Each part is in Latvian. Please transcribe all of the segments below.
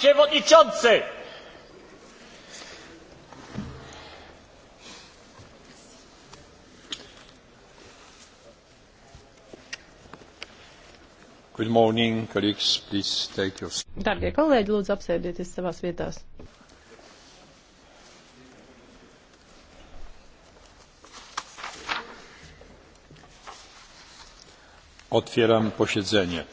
przewodniczący! Good morning, colleagues. Please take your... Darbie kolēģi, lūdzu apsēdieties savās vietās. Otwieram posiedzenie.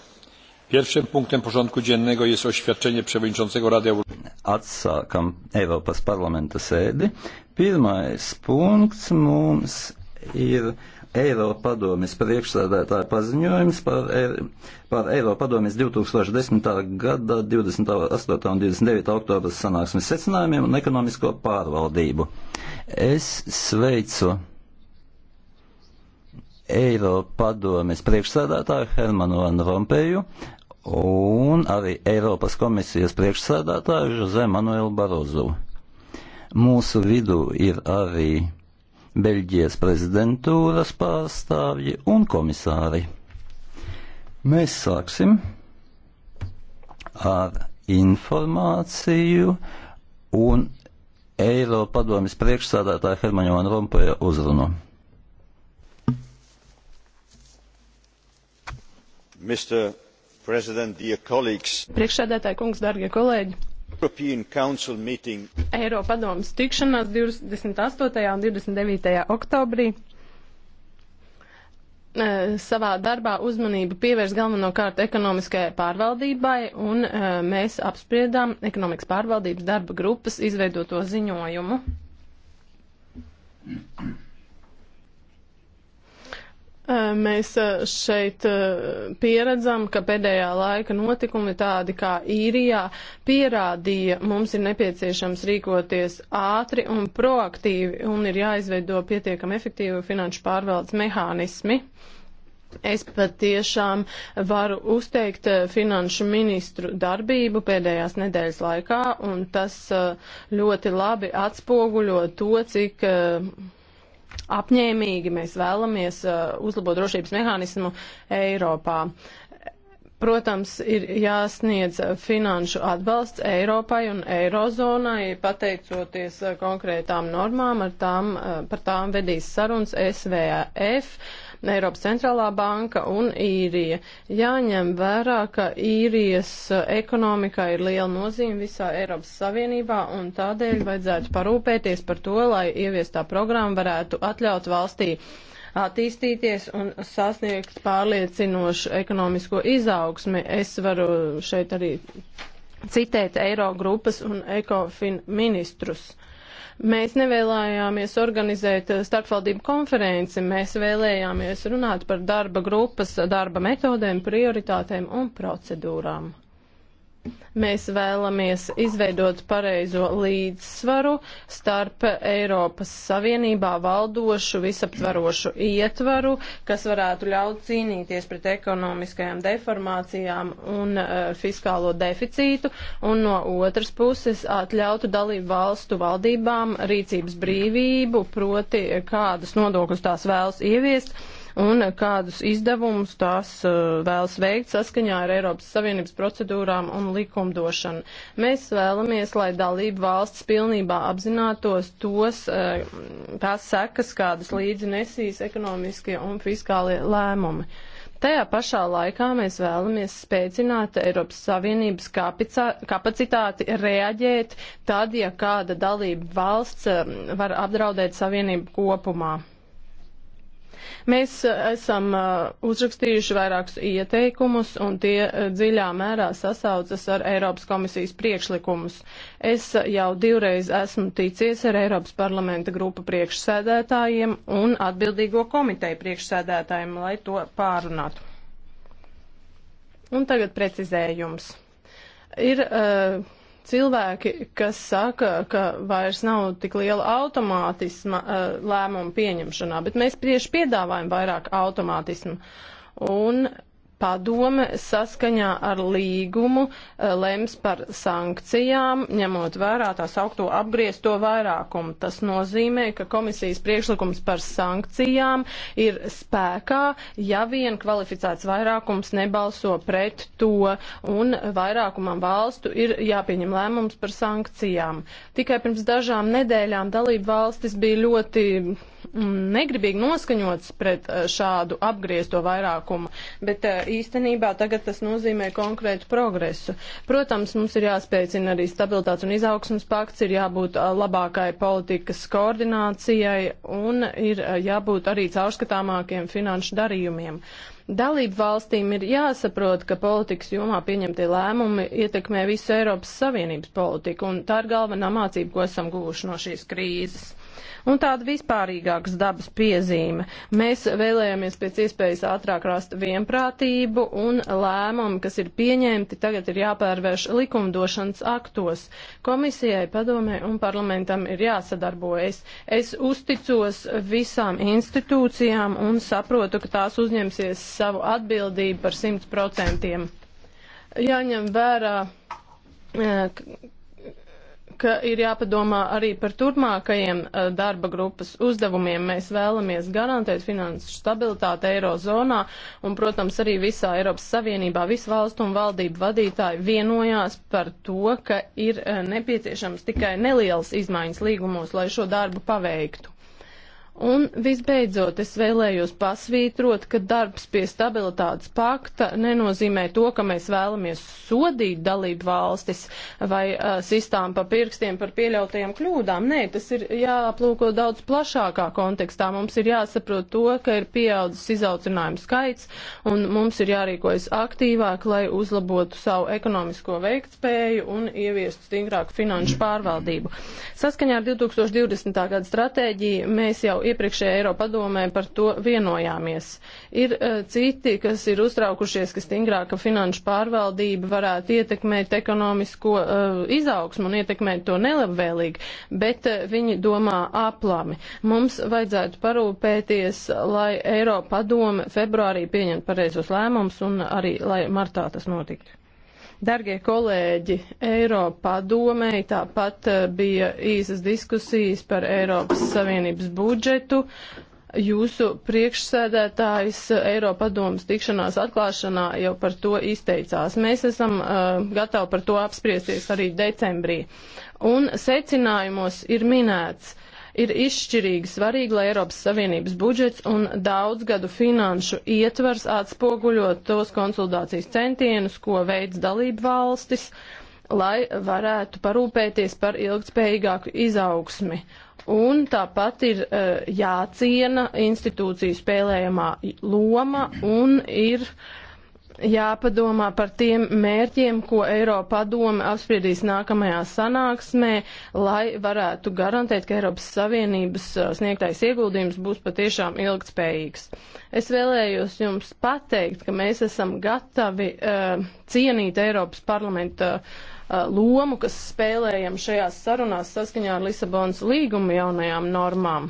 Pierwszym punktem porządku dziennego jest oświadczenie przewodniczącego Rady Europejskiej. Atsākam Eiropas parlamenta sēdi. Pirmais punkts mums ir Eiropa padomis priekšsēdētāja paziņojums par, par Eiropa padomis 2010. gada 28. un 29. oktobras sanāksmes secinājumiem un ekonomisko pārvaldību. Es sveicu Eiropa padomis priekšsēdētāju Hermanu Van Rompēju, un arī Eiropas komisijas priekšsēdētāju Žozē Manuelu Barozu. Mūsu vidū ir arī Beļģijas prezidentūras pārstāvji un komisāri. Mēs sāksim ar informāciju un Eiropa padomjas priekšsādātāja Hermaņa Van Rompēja uzrunu. Mr. Priekšsēdētāji kungs, darbie kolēģi! Eiropadomas tikšanās 28. un 29. oktobrī eh, savā darbā uzmanību pievērs galvenokārt ekonomiskajai pārvaldībai, un eh, mēs apspriedām ekonomikas pārvaldības darba grupas izveidoto ziņojumu. Mēs šeit pieredzam, ka pēdējā laika notikumi tādi kā īrijā pierādīja, mums ir nepieciešams rīkoties ātri un proaktīvi un ir jāizveido pietiekami efektīvi finanšu pārvaldes mehānismi. Es patiešām varu uzteikt finanšu ministru darbību pēdējās nedēļas laikā, un tas ļoti labi atspoguļo to, cik apņēmīgi mēs vēlamies uh, uzlabot drošības mehānismu Eiropā. Protams, ir jāsniedz finanšu atbalsts Eiropai un Eirozonai, pateicoties uh, konkrētām normām, ar tām, uh, par tām vedīs sarunas SVF Eiropas centrālā banka un īrija. Jāņem vērā, ka īrijas ekonomikā ir liela nozīme visā Eiropas Savienībā un tādēļ vajadzētu parūpēties par to, lai ieviestā programma varētu atļaut valstī attīstīties un sasniegt pārliecinošu ekonomisko izaugsmi. Es varu šeit arī citēt Eiro grupas un ekofin ministrus. Mēs nevēlējāmies organizēt eh, starpvaldību konferenci, mēs vēlējāmies runāt par darba grupas, darba metodēm, prioritātēm un procedūrām. Mēs vēlamies izveidot pareizo līdzsvaru starp Eiropas Savienībā valdošu visaptvarošu ietvaru, kas varētu ļaut cīnīties pret ekonomiskajām deformācijām un uh, fiskālo deficītu, un no otras puses atļautu dalību valstu valdībām rīcības brīvību, proti eh, kādus nodokļus tās vēlas ieviest un kādus izdevumus tās eh, vēlas veikt saskaņā ar Eiropas Savienības procedūrām un likumdošanu. Mēs vēlamies, lai dalību valsts pilnībā apzinātos tos, eh, tās sekas, kādas līdzi nesīs ekonomiskie un fiskālie lēmumi. Tajā pašā laikā mēs vēlamies spēcināt Eiropas Savienības kapicā, kapacitāti reaģēt tad, ja kāda dalība valsts eh, var apdraudēt Savienību kopumā. Mēs uh, esam uh, uzrakstījuši vairākus ieteikumus, un tie uh, dziļā mērā sasaucas ar Eiropas komisijas priekšlikumus. Es jau divreiz esmu ticies ar Eiropas parlamenta grupu priekšsēdētājiem un atbildīgo komiteju priekšsēdētājiem, lai to pārunātu. Un tagad precizējums. Ir uh, Cilvēki, kas saka, ka vairs nav tik liela automātisma eh, lēmumu pieņemšanā, bet mēs tieši piedāvājam vairāk automātismu. Un padome saskaņā ar līgumu eh, lems par sankcijām, ņemot vērā tā saukto apgriezto vairākumu. Tas nozīmē, ka komisijas priekšlikums par sankcijām ir spēkā, ja vien kvalificēts vairākums nebalso pret to, un vairākumam valstu ir jāpieņem lēmums par sankcijām. Tikai pirms dažām nedēļām dalību valstis bija ļoti Mm, negribīgi noskaņots pret eh, šādu apgriezto vairākumu, bet eh, īstenībā tagad tas nozīmē konkrētu progresu. Protams, mums ir jāspēcina arī stabilitātes un izaugsmas pakts, ir jābūt eh, labākai politikas koordinācijai un ir jābūt arī caurskatāmākiem finanšu darījumiem. Dalību valstīm ir jāsaprot, ka politikas jomā pieņemtie lēmumi ietekmē visu Eiropas Savienības politiku, un tā ir galvenā mācība, ko esam guvuši no šīs krīzes. Un tāda vispārīgākas dabas piezīme. Mēs vēlējāmies pēc iespējas ātrāk rast vienprātību un lēmumu, kas ir pieņemti, tagad ir jāpērvērš likumdošanas aktos. Komisijai, padomē un parlamentam ir jāsadarbojas. Es uzticos visām institūcijām un saprotu, ka tās uzņemsies savu atbildību par simt procentiem. Jāņem vērā, eh, ka ir jāpadomā arī par turpmākajiem eh, darba grupas uzdevumiem. Mēs vēlamies garantēt finansu stabilitāti Eirozonā un, protams, arī visā Eiropas Savienībā. Visu valstu un valdību vadītāji vienojās par to, ka ir eh, nepieciešams tikai nelielas izmaiņas līgumos, lai šo darbu paveiktu. Un visbeidzot, es vēlējos pasvītrot, ka darbs pie stabilitātes pakta nenozīmē to, ka mēs vēlamies sodīt dalību valstis vai uh, sistām pa pirkstiem par pieļautajām kļūdām. Nē, tas ir jāaplūko daudz plašākā kontekstā. Mums ir jāsaprot to, ka ir pieaudzis izaucinājumu skaits un mums ir jārīkojas aktīvāk, lai uzlabotu savu ekonomisko veiktspēju un ieviestu stingrāku finanšu pārvaldību. Saskaņā ar 2020. gada stratēģiju mēs jau iepriekšējā Eiropadomē par to vienojāmies. Ir uh, citi, kas ir uztraukušies, ka stingrāka finanšu pārvaldība varētu ietekmēt ekonomisko uh, izaugsmu un ietekmēt to nelabvēlīgi, bet uh, viņi domā aplami. Mums vajadzētu parūpēties, lai Eiropadome februārī pieņemtu pareizos lēmumus un arī, lai martā tas notiktu. Dargie kolēģi, Eiropā domēji tāpat eh, bija īsas diskusijas par Eiropas Savienības budžetu jūsu priekšsēdētājs eh, Eiropadomas tikšanās atklāšanā jau par to izteicās. Mēs esam uh, gatavi par to apspriesties arī decembrī. Un secinājumos ir minēts, uh, ir izšķirīgi svarīgi, lai Eiropas Savienības budžets un daudzgadu finanšu ietvars atspoguļot tos konsultācijas centienus, ko veids dalību valstis, lai varētu parūpēties par ilgtspējīgāku izaugsmi. Un tāpat ir uh, jāciena institūciju spēlējamā loma un ir uh, jāpadomā par tiem mērķiem, ko Eiropa padome apspriedīs nākamajā sanāksmē, lai varētu garantēt, ka Eiropas Savienības uh, sniegtais ieguldījums būs patiešām ilgtspējīgs. Es vēlējos jums pateikt, ka mēs esam gatavi uh, cienīt Eiropas parlamenta uh, lomu, kas spēlējam šajās sarunās saskaņā ar Lisabonas līgumu jaunajām normām.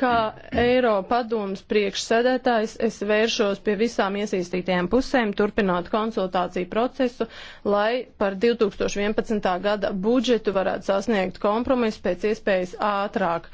Kā Eiropadomas priekšsēdētājs es vēršos pie visām iesaistītajām pusēm, turpināt konsultāciju procesu, lai par 2011. gada budžetu varētu sasniegt kompromisu pēc iespējas ātrāk.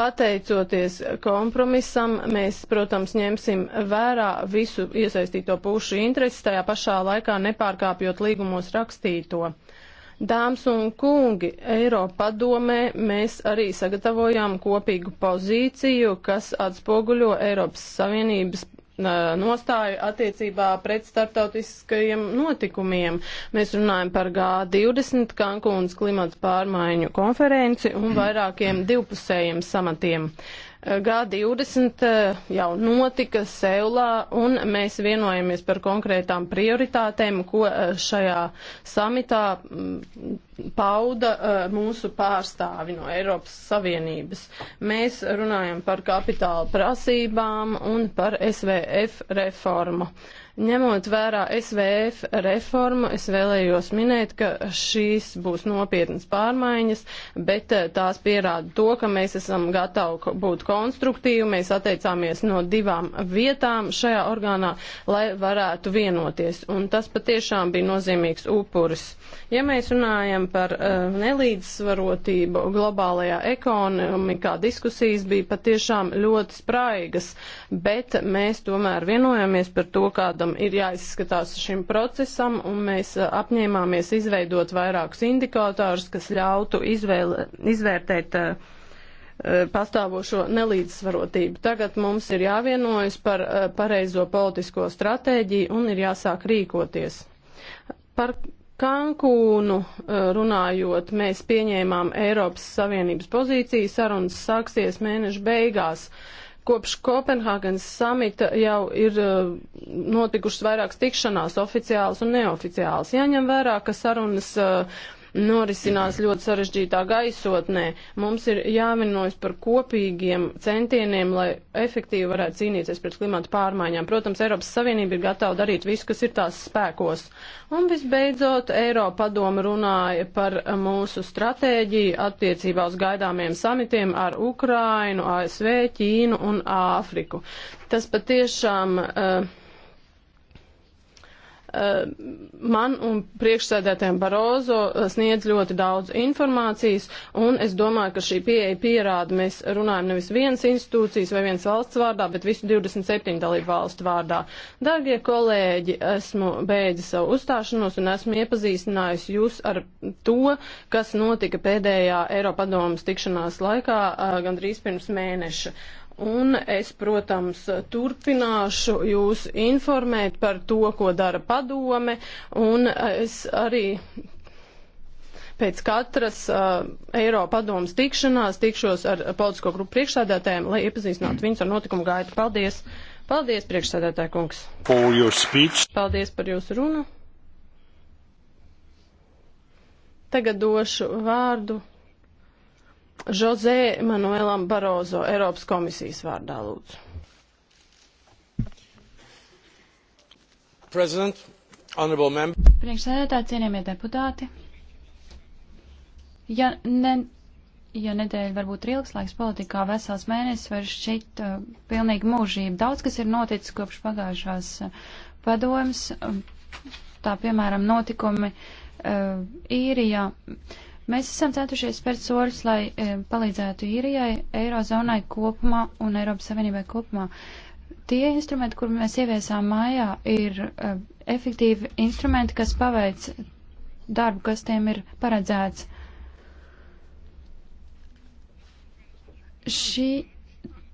Pateicoties kompromisam, mēs, protams, ņemsim vērā visu iesaistīto pušu intereses, tajā pašā laikā nepārkāpjot līgumos rakstīto. Uh, Dāmas un kungi, Eiropadomē mēs arī sagatavojām kopīgu pozīciju, kas atspoguļo Eiropas Savienības nostāju attiecībā pret starptautiskajiem notikumiem. Mēs runājam par G20 Kankūnas klimats pārmaiņu konferenci un vairākiem divpusējiem samatiem. Uh, Eh, G20 eh, jau notika Seulā, un mēs vienojamies par konkrētām prioritātēm, ko eh, šajā samitā mm, pauda mūsu pārstāvi no Eiropas Savienības. Mēs runājam par kapitāla prasībām un par SVF reformu. Uh, Ņemot vērā SVF reformu, es vēlējos minēt, ka šīs būs nopietnas pārmaiņas, bet eh, tās pierāda to, ka mēs esam gatavi būt konstruktīvi, mēs atteicāmies no divām vietām šajā orgānā, lai varētu vienoties. Un tas patiešām bija nozīmīgs upuris. Ja mēs runājam par uh, nelīdzsvarotību globālajā ekonomikā, diskusijas bija patiešām ļoti spraigas, bet mēs tomēr vienojamies par to, kāda vārdam ir jāizskatās šim procesam, un mēs eh, apņēmāmies izveidot vairākus indikātārus, kas ļautu izvēle, izvērtēt uh, pastāvošo nelīdzsvarotību. Tagad mums ir jāvienojas par uh, pareizo politisko stratēģiju un ir jāsāk rīkoties. Par Kankūnu runājot, mēs pieņēmām Eiropas Savienības pozīciju, sarunas sāksies mēneša beigās. Uh, Kopš Kopenhāgenes samita jau ir eh, notikušas vairākas tikšanās, oficiāls un neoficiāls. Jāņem vērā, ka sarunas uh, norisinās ļoti sarežģītā gaisotnē. Mums ir jāvienojas par kopīgiem centieniem, lai efektīvi varētu cīnīties pret klimatu pārmaiņām. Protams, Eiropas Savienība ir gatava darīt visu, kas ir tās spēkos. Un visbeidzot, Eiropa padoma runāja par mūsu stratēģiju attiecībā uz gaidāmiem samitiem ar Ukrainu, ASV, Ķīnu un Āfriku. Tas patiešām uh, Eh, man un priekšsēdētājiem Barozo eh, sniedz ļoti daudz informācijas, un es domāju, ka šī pieeja pierāda, mēs runājam nevis vienas institūcijas vai vienas valsts vārdā, bet visu 27 dalību valstu vārdā. Dargie kolēģi, esmu beidzis savu uzstāšanos un esmu iepazīstinājis jūs ar to, kas notika pēdējā Eiropadomas tikšanās laikā eh, gandrīz pirms mēneša un es, protams, turpināšu jūs informēt par to, ko dara padome, un es arī pēc katras uh, Eiropadomas tikšanās tikšos ar politisko grupu priekšsādātājiem, lai iepazīstinātu viņus ar notikumu gaitu. Paldies! Paldies, priekšsādātāja kungs! Paldies par jūsu runu! Tagad došu vārdu Žozē Manuēlam Barozo, Eiropas komisijas vārdā lūdzu. Priekšsēdētāji, cienījamie deputāti, ja, ne, ja nedēļa varbūt ir ilgs laiks politikā, vesels mēnesis var šķiet uh, pilnīgi mūžība. Daudz, kas ir noticis kopš pagājušās uh, padomas, uh, tā piemēram notikumi uh, īrijā. Uh, Mēs esam centušies spērt soļus, lai e, palīdzētu īrijai, Eirozonai kopumā un Eiropas Savienībai kopumā. Tie instrumenti, kur mēs ieviesām mājā, ir e, efektīvi instrumenti, kas paveic darbu, kas tiem ir paredzēts. Šī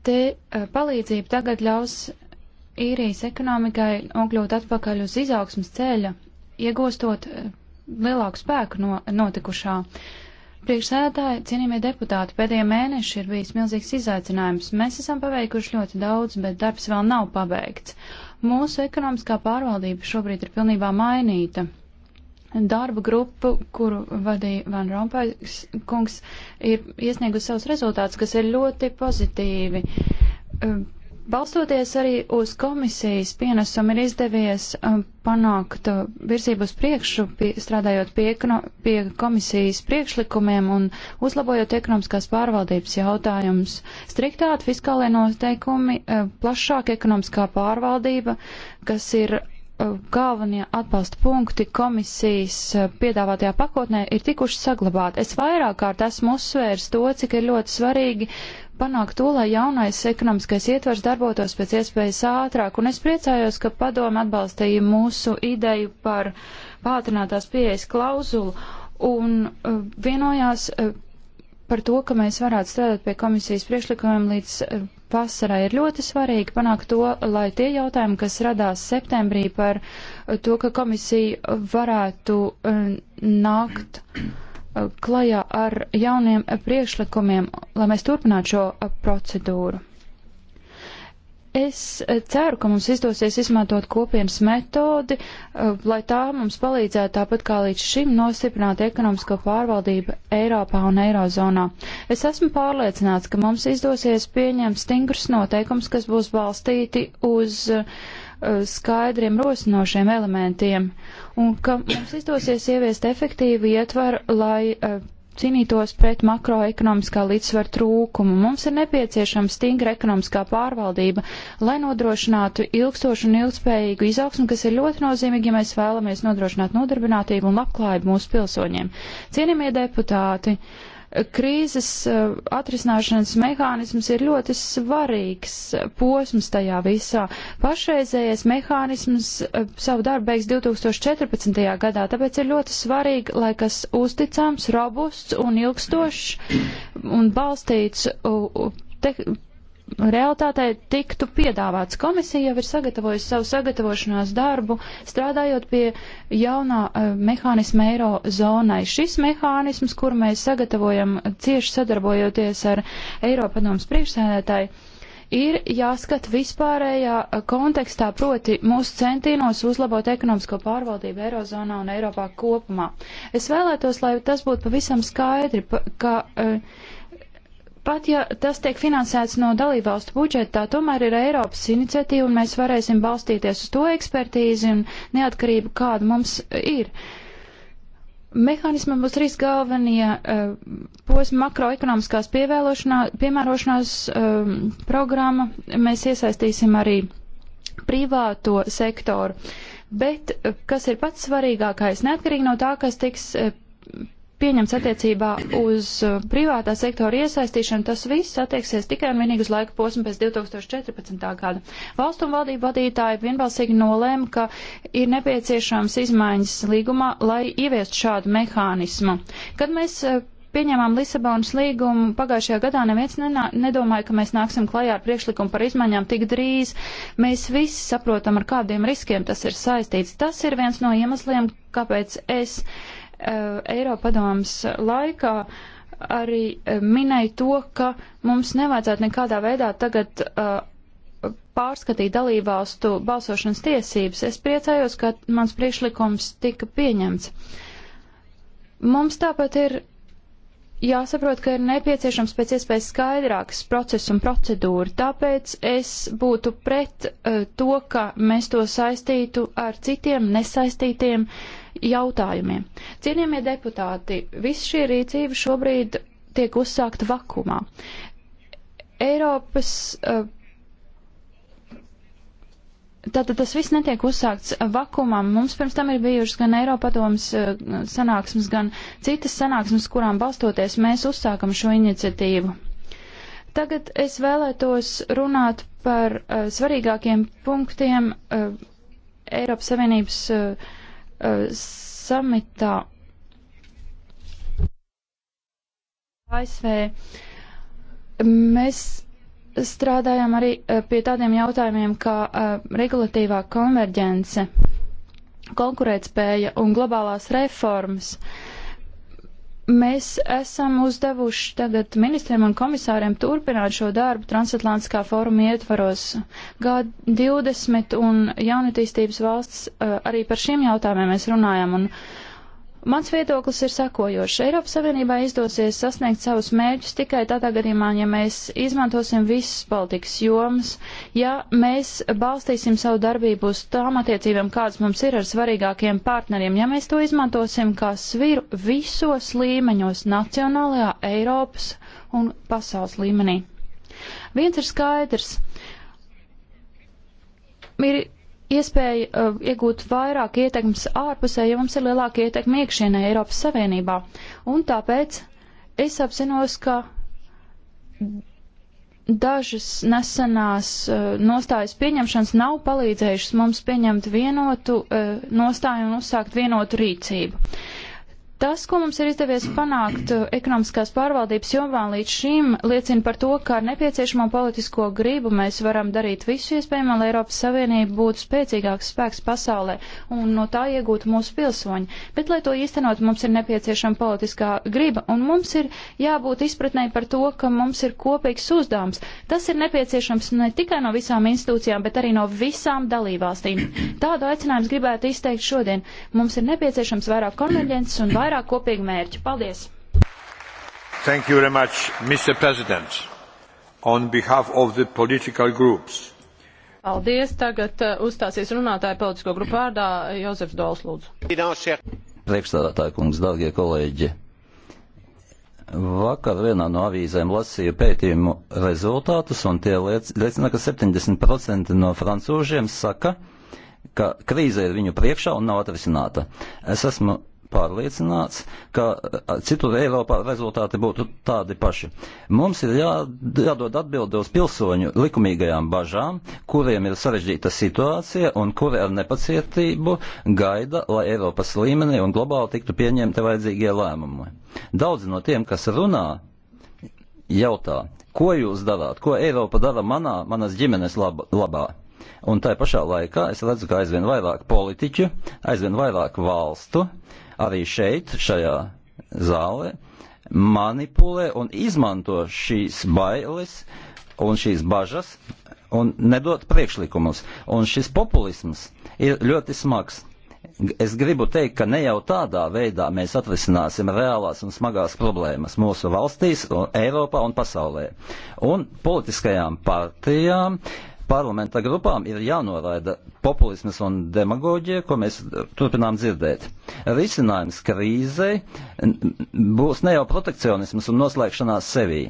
te e, palīdzība tagad ļaus īrijas ekonomikai nokļūt atpakaļ uz izaugsmas ceļa, iegūstot e, lielāku spēku no, notikušā. Priekšsēdētāji, cienījamie deputāti, pēdējie mēneši ir bijis milzīgs izaicinājums. Mēs esam paveikuši ļoti daudz, bet darbs vēl nav pabeigts. Mūsu ekonomiskā pārvaldība šobrīd ir pilnībā mainīta. Darba grupa, kuru vadīja Van Rompais kungs, ir iesniegusi savus rezultātus, kas ir ļoti pozitīvi ehm, Balstoties arī uz komisijas pienesumu, ir izdevies um, panākt uh, virzību uz priekšu, pie, strādājot pie, pie komisijas priekšlikumiem un uzlabojot ekonomiskās pārvaldības jautājumus. Striktāt fiskālie noteikumi, uh, plašāk ekonomiskā pārvaldība, kas ir Uh, galvenie atbalsta punkti komisijas uh, piedāvātajā pakotnē ir tikuši saglabāti. Es vairāk kārt esmu uzsvērs to, cik ir ļoti svarīgi panākt to, lai jaunais ekonomiskais ietvers darbotos pēc iespējas ātrāk, un es priecājos, ka padomu atbalstīja mūsu ideju par pātrinātās pieejas klauzulu un uh, vienojās par to, ka mēs varētu strādāt pie komisijas priekšlikumiem līdz vasarai ir ļoti svarīgi panākt to, lai tie jautājumi, kas radās septembrī par to, ka komisija varētu eh, nākt eh, klajā ar jauniem priekšlikumiem, lai mēs turpinātu šo eh, procedūru. Es eh, ceru, ka mums izdosies izmantot kopienas metodi, eh, lai tā mums palīdzētu tāpat kā līdz šim nostiprināt ekonomisko pārvaldību Eiropā un Eirozonā. Es esmu pārliecināts, ka mums izdosies pieņemt stingrus noteikums, kas būs balstīti uz eh, skaidriem rosinošiem elementiem un ka mums izdosies ieviest efektīvu ietvaru, lai cīnītos pret makroekonomiskā līdzsvara trūkumu. Mums ir nepieciešama stingra ekonomiskā pārvaldība, lai nodrošinātu ilgstošu un ilgspējīgu izaugsmu, kas ir ļoti nozīmīgi, ja mēs vēlamies nodrošināt nodarbinātību un labklājību mūsu pilsoņiem. Cienījamie deputāti! Uh, Krīzes eh, atrisināšanas mehānisms ir ļoti svarīgs posms tajā visā. Pašreizējais mehānisms eh, savu darbu beigs 2014. gadā, tāpēc ir ļoti svarīgi, lai kas uzticams, robusts un ilgstošs un balstīts te realitātei tiktu piedāvāts. Komisija jau ir sagatavojusi savu sagatavošanās darbu, strādājot pie jaunā uh, mehānisma eiro zonai. Šis mehānisms, kuru mēs sagatavojam cieši sadarbojoties ar Eiropadomas priekšsēdētāju, ir jāskat vispārējā eh, kontekstā, proti mūsu centienos uzlabot ekonomisko pārvaldību Eirozonā un Eiropā kopumā. Es vēlētos, lai tas būtu pavisam skaidri, ka uh, Pat ja tas tiek finansēts no dalībvalstu budžeta, tā tomēr ir Eiropas iniciatīva un mēs varēsim balstīties uz to ekspertīzi un neatkarību, kāda mums ir. Mehānismam būs trīs galvenie uh, posmi makroekonomiskās piemērošanās uh, programma. Mēs iesaistīsim arī privāto sektoru. Bet, eh, kas ir pats svarīgākais, neatkarīgi no tā, kas tiks uh, pieņemts attiecībā uz uh, privātā sektora iesaistīšanu, tas viss attieksies tikai un vienīgi uz laika posmu pēc 2014. gada. Valstu un valdību vadītāji vienbalsīgi nolēma, ka ir nepieciešams izmaiņas līgumā, lai ieviestu šādu mehānismu. Kad mēs uh, pieņēmām Lisabonas līgumu pagājušajā gadā, neviens nenā, nedomāja, ka mēs nāksim klajā ar priekšlikumu par izmaiņām tik drīz. Mēs visi saprotam, ar kādiem riskiem tas ir saistīts. Tas ir viens no iemesliem, kāpēc es. Uh, Eh, Eiropadomas laikā arī eh, minēja to, ka mums nevajadzētu nekādā veidā tagad eh, pārskatīt dalībvalstu balsošanas tiesības. Es priecājos, ka mans priekšlikums tika pieņemts. Mums tāpat ir jāsaprot, ka ir nepieciešams pēc iespējas skaidrāks process un procedūra, tāpēc es būtu pret uh, to, ka mēs to saistītu ar citiem nesaistītiem jautājumiem. Cienījamie deputāti, viss šī rīcība šobrīd tiek uzsākta vakumā. Eiropas uh, Tātad tas viss netiek uzsākts vakumā. Mums pirms tam ir bijušas gan Eiropadomas eh, sanāksmes, gan citas sanāksmes, kurām balstoties mēs uzsākam šo iniciatīvu. Tagad es vēlētos runāt par uh, svarīgākiem punktiem uh, Eiropas Savienības uh, Uh, samitā ASV. Mēs strādājam arī uh, pie tādiem jautājumiem kā uh, regulatīvā konverģence, konkurētspēja un globālās reformas. Uh, Mēs esam uzdevuši tagad ministriem un komisāriem turpināt šo darbu transatlantiskā foruma ietvaros. G20 un jaunatīstības valsts eh, arī par šiem jautājumiem mēs runājam, un Mans viedoklis ir sekojošs. Eiropas Savienībā izdosies sasniegt savus mērķus tikai tādā gadījumā, ja mēs izmantosim visas politikas jomas, ja mēs balstīsim savu darbību uz tām attiecībām, kādas mums ir ar svarīgākiem partneriem, ja mēs to izmantosim kā sviru visos līmeņos - nacionālajā, Eiropas un pasaules līmenī. Viens ir skaidrs. Ir iespēja uh, iegūt vairāk ietekmes ārpusē, jo mums ir lielāka ietekme iekšienē Eiropas Savienībā. Un tāpēc es apzinos, ka dažas nesenās uh, nostājas pieņemšanas nav palīdzējušas mums pieņemt vienotu uh, nostāju un uzsākt vienotu rīcību. Tas, ko mums ir izdevies panākt uh, ekonomiskās pārvaldības jomā līdz šim, liecina par to, ka ar nepieciešamo politisko gribu mēs varam darīt visu iespējamo, lai Eiropas Savienība būtu spēcīgāks spēks pasaulē un no tā iegūtu mūsu pilsoņi. Bet, lai to īstenot, mums ir nepieciešama politiskā griba un mums ir jābūt izpratnē par to, ka mums ir kopīgs uzdevums. Tas ir nepieciešams ne tikai no visām institūcijām, bet arī no visām dalībvalstīm. Tādu aicinājumu gribētu izteikt šodien. Mums ir nepieciešams vairāk konverģences un vairāk vairāk kopīgu mērķu. Paldies! Thank you very much, Mr. President. On behalf of the political groups. Paldies. Tagad uh, uzstāsies runātāja politisko grupu vārdā Jozefs Dols, lūdzu. Priekšstādātāja kungs, dārgie kolēģi. Vakar vienā no avīzēm lasīju pētījumu rezultātus, un tie liecina, ka 70% no francūžiem saka, ka krīze ir viņu priekšā un nav atrisināta. Es esmu pārliecināts, ka citur Eiropā rezultāti būtu tādi paši. Mums ir jā, jādod atbildi uz pilsoņu likumīgajām bažām, kuriem ir sarežģīta situācija un kuri ar nepacietību gaida, lai Eiropas līmenī un globāli tiktu pieņemti vajadzīgie lēmumi. Daudzi no tiem, kas runā, jautā, ko jūs darāt, ko Eiropa dara manā, manas ģimenes lab labā. Un tā pašā laikā es redzu, ka aizvien vairāk politiķu, aizvien vairāk valstu, uh, arī šeit, šajā zālē, manipulē un izmanto šīs bailes un šīs bažas un nedod priekšlikumus. Un šis populisms ir ļoti smags. Es gribu teikt, ka ne jau tādā veidā mēs atrisināsim reālās un smagās problēmas mūsu valstīs, un Eiropā un pasaulē. Un politiskajām partijām uh, parlamenta grupām ir jānoraida populismas un demagoģija, ko mēs turpinām dzirdēt. Risinājums krīzei būs ne jau protekcionisms un noslēgšanās sevī.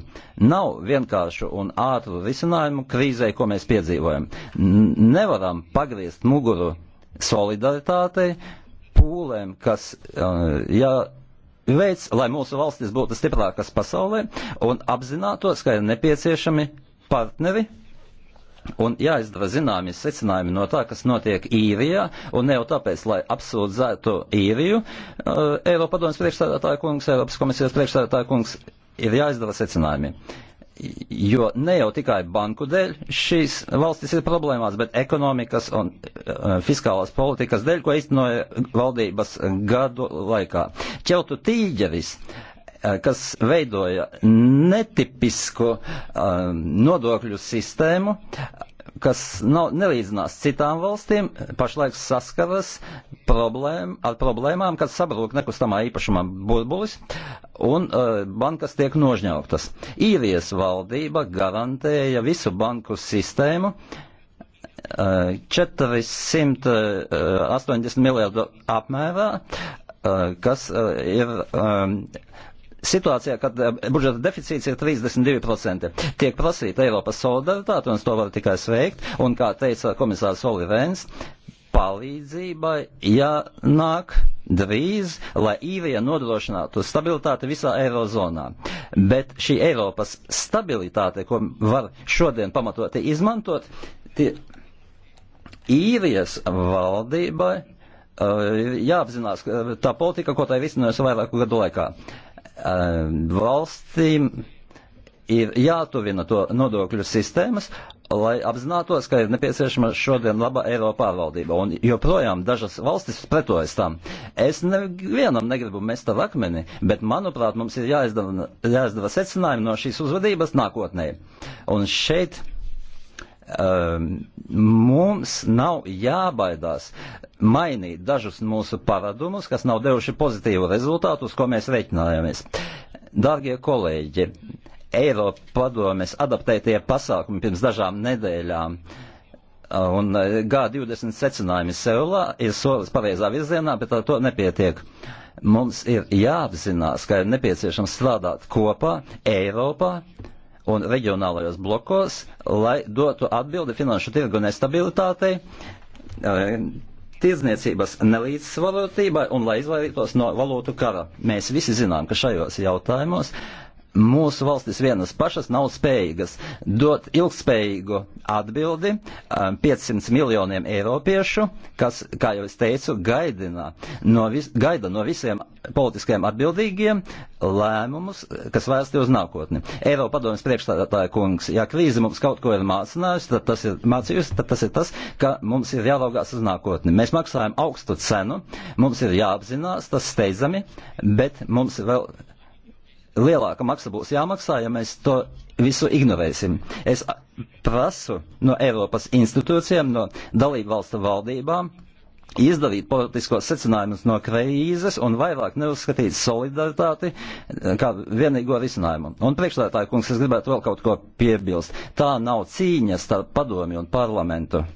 Nav vienkāršu un ātru risinājumu krīzei, ko mēs piedzīvojam. Nevaram pagriezt muguru solidaritātei, pūlēm, kas uh, jā, veids, lai mūsu valstis būtu stiprākas pasaulē un apzinātos, ka ir nepieciešami partneri, Un jāizdara zināmi secinājumi no tā, kas notiek īrijā, un ne jau tāpēc, lai apsūdzētu īriju. Uh, Eiropa padomjas priekšstādātāja kungs, Eiropas komisijas priekšstādātāja kungs ir jāizdara secinājumi. Jo ne jau tikai banku dēļ šīs valstis ir problēmās, bet ekonomikas un uh, fiskālās politikas dēļ, ko īstenoja valdības gadu laikā. Ķeltu tīģeris uh, Eh, kas veidoja netipisku eh, nodokļu sistēmu, kas nav nelīdzinās citām valstīm, pašlaik saskaras problēm, ar problēmām, kad sabrūk nekustamā īpašumā burbulis un uh, bankas tiek nožņauktas. Īrijas valdība garantēja visu banku sistēmu. Uh, 480 miljardu apmērā, uh, kas uh, ir um, situācijā, kad eh, budžeta deficīts ir 32%, tiek prasīta Eiropas solidaritāte, un es to varu tikai sveikt, un, kā teica komisārs Olivens, palīdzībai jānāk drīz, lai īrija nodrošinātu stabilitāti visā eirozonā. Bet šī Eiropas stabilitāte, ko var šodien pamatoti izmantot, tie īrijas valdībai eh, jāapzinās tā politika, ko tai visinojas vairāku gadu laikā. Uh, Ehm, valstīm ir jātuvina to nodokļu sistēmas, lai apzinātos, ka ir nepieciešama šodien laba eiro pārvaldība, un joprojām dažas valstis pretojas tam. Es nevienam negribu mest ar akmeni, bet, manuprāt, mums ir jāizdara, jāizdara secinājumi no šīs uzvedības nākotnē. Un šeit um, mums nav jābaidās mainīt dažus mūsu paradumus, kas nav devuši pozitīvu rezultātu, uz ko mēs reiķinājāmies. Dārgie kolēģi, Eiropa padomes adaptētie pasākumi pirms dažām nedēļām uh, un uh, G20 secinājumi Seulā ir solis pareizā virzienā, bet ar to nepietiek. Mums ir jāapzinās, ka ir nepieciešams strādāt kopā Eiropā un reģionālajos blokos, lai dotu atbildi finanšu tirgu nestabilitātei, uh, tirzniecības nelīdzsvarotībai un lai izvairītos no valūtu kara. Mēs visi zinām, ka šajos jautājumos uh, mūsu valstis vienas pašas nav spējīgas dot ilgspējīgu atbildi 500 um, miljoniem eiropiešu, kas, kā jau es teicu, gaidina no vis, gaida no visiem politiskiem atbildīgiem lēmumus, kas vērsti uz nākotni. Eiropa padomjas priekšstādātāja kungs, ja krīze mums kaut ko ir mācinājusi, tad tas ir mācījusi, tad tas ir tas, ka mums ir jāraugās uz nākotni. Mēs maksājam augstu cenu, mums ir jāapzinās, tas steidzami, bet mums vēl lielāka maksa būs jāmaksā, ja mēs to visu ignorēsim. Es prasu no Eiropas institūcijām, no dalību valstu valdībām izdarīt politiskos secinājumus no krīzes un vairāk neuzskatīt solidaritāti kā vienīgo risinājumu. Un priekšlētāju kungs, es gribētu vēl kaut ko piebilst. Tā nav cīņa starp padomi un parlamentu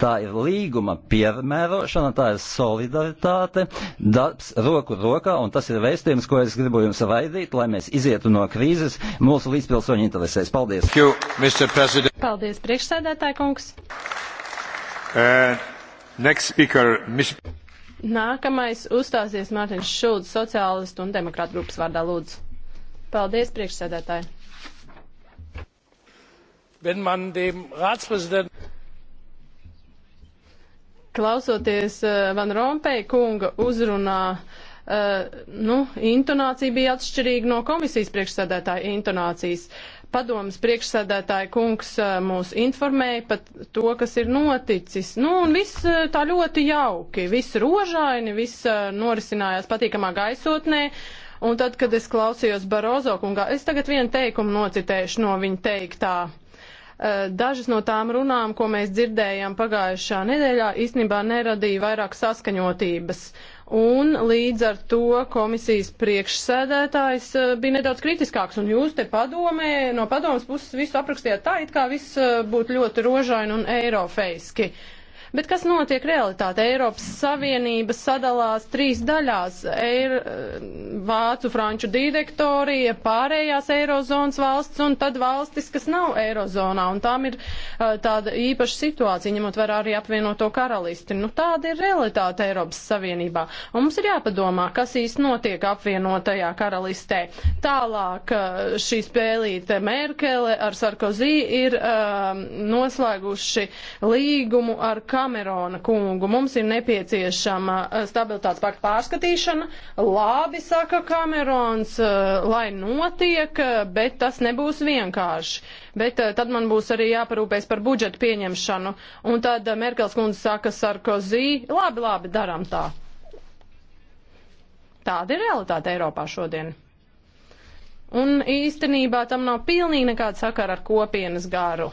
tā ir līguma piemērošana, tā ir solidaritāte, darbs roku rokā, un tas ir vēstījums, ko es gribu jums raidīt, lai mēs izietu no krīzes mūsu līdzpilsoņu interesēs. Paldies! You, Paldies, priekšsēdētāji kungs! Uh, next speaker, Ms. Nākamais uzstāsies Mārtiņš Šulds, sociālistu un demokrātu grupas vārdā lūdzu. Paldies, priekšsēdētāji! Wenn man dem Ratspräsidenten Klausoties eh, Van Rompēja kunga uzrunā, uh, nu, intonācija bija atšķirīga no komisijas priekšsēdētāja intonācijas. Padomas priekšsēdētāja kungs uh, mūs informēja par to, kas ir noticis. Nu, un viss uh, tā ļoti jauki, viss rožaini, viss norisinājās patīkamā gaisotnē. Un tad, kad es klausījos Barozo kungā, es tagad vienu teikumu nocitēšu no viņa teiktā. Uh, Eh, dažas no tām runām, ko mēs dzirdējām pagājušā nedēļā, īstenībā neradīja vairāk saskaņotības. Un līdz ar to komisijas priekšsēdētājs eh, bija nedaudz kritiskāks, un jūs te padomē, no padomas puses visu aprakstījāt tā, it kā viss eh, būtu ļoti rožaini un eirofeiski. Uh, Bet kas notiek realitāte? Eiropas Savienība sadalās trīs daļās Eir, - Vācu, Franču direktorija, pārējās Eirozonas valsts un tad valstis, kas nav Eirozonā. Un tām ir uh, tāda īpaša situācija, ņemot vērā arī apvienoto karalisti. Nu, tāda ir realitāte Eiropas Savienībā. Un mums ir jāpadomā, kas īsti notiek apvienotajā karalistē. Tālāk eh, šī spēlīte Merkele ar Sarkozī ir uh, noslēguši līgumu ar Kanādu Kamerona kungu. Mums ir nepieciešama eh, stabilitātes pakta pārskatīšana. Labi, saka Kamerons, eh, lai notiek, eh, bet tas nebūs vienkārši. Bet tad man būs arī jāparūpēs par budžetu pieņemšanu. Un tad Merkels kundze saka Sarkozī, labi, labi, daram tā. Tāda ir realitāte Eiropā šodien. Un īstenībā tam nav pilnīgi nekāda sakara ar kopienas garu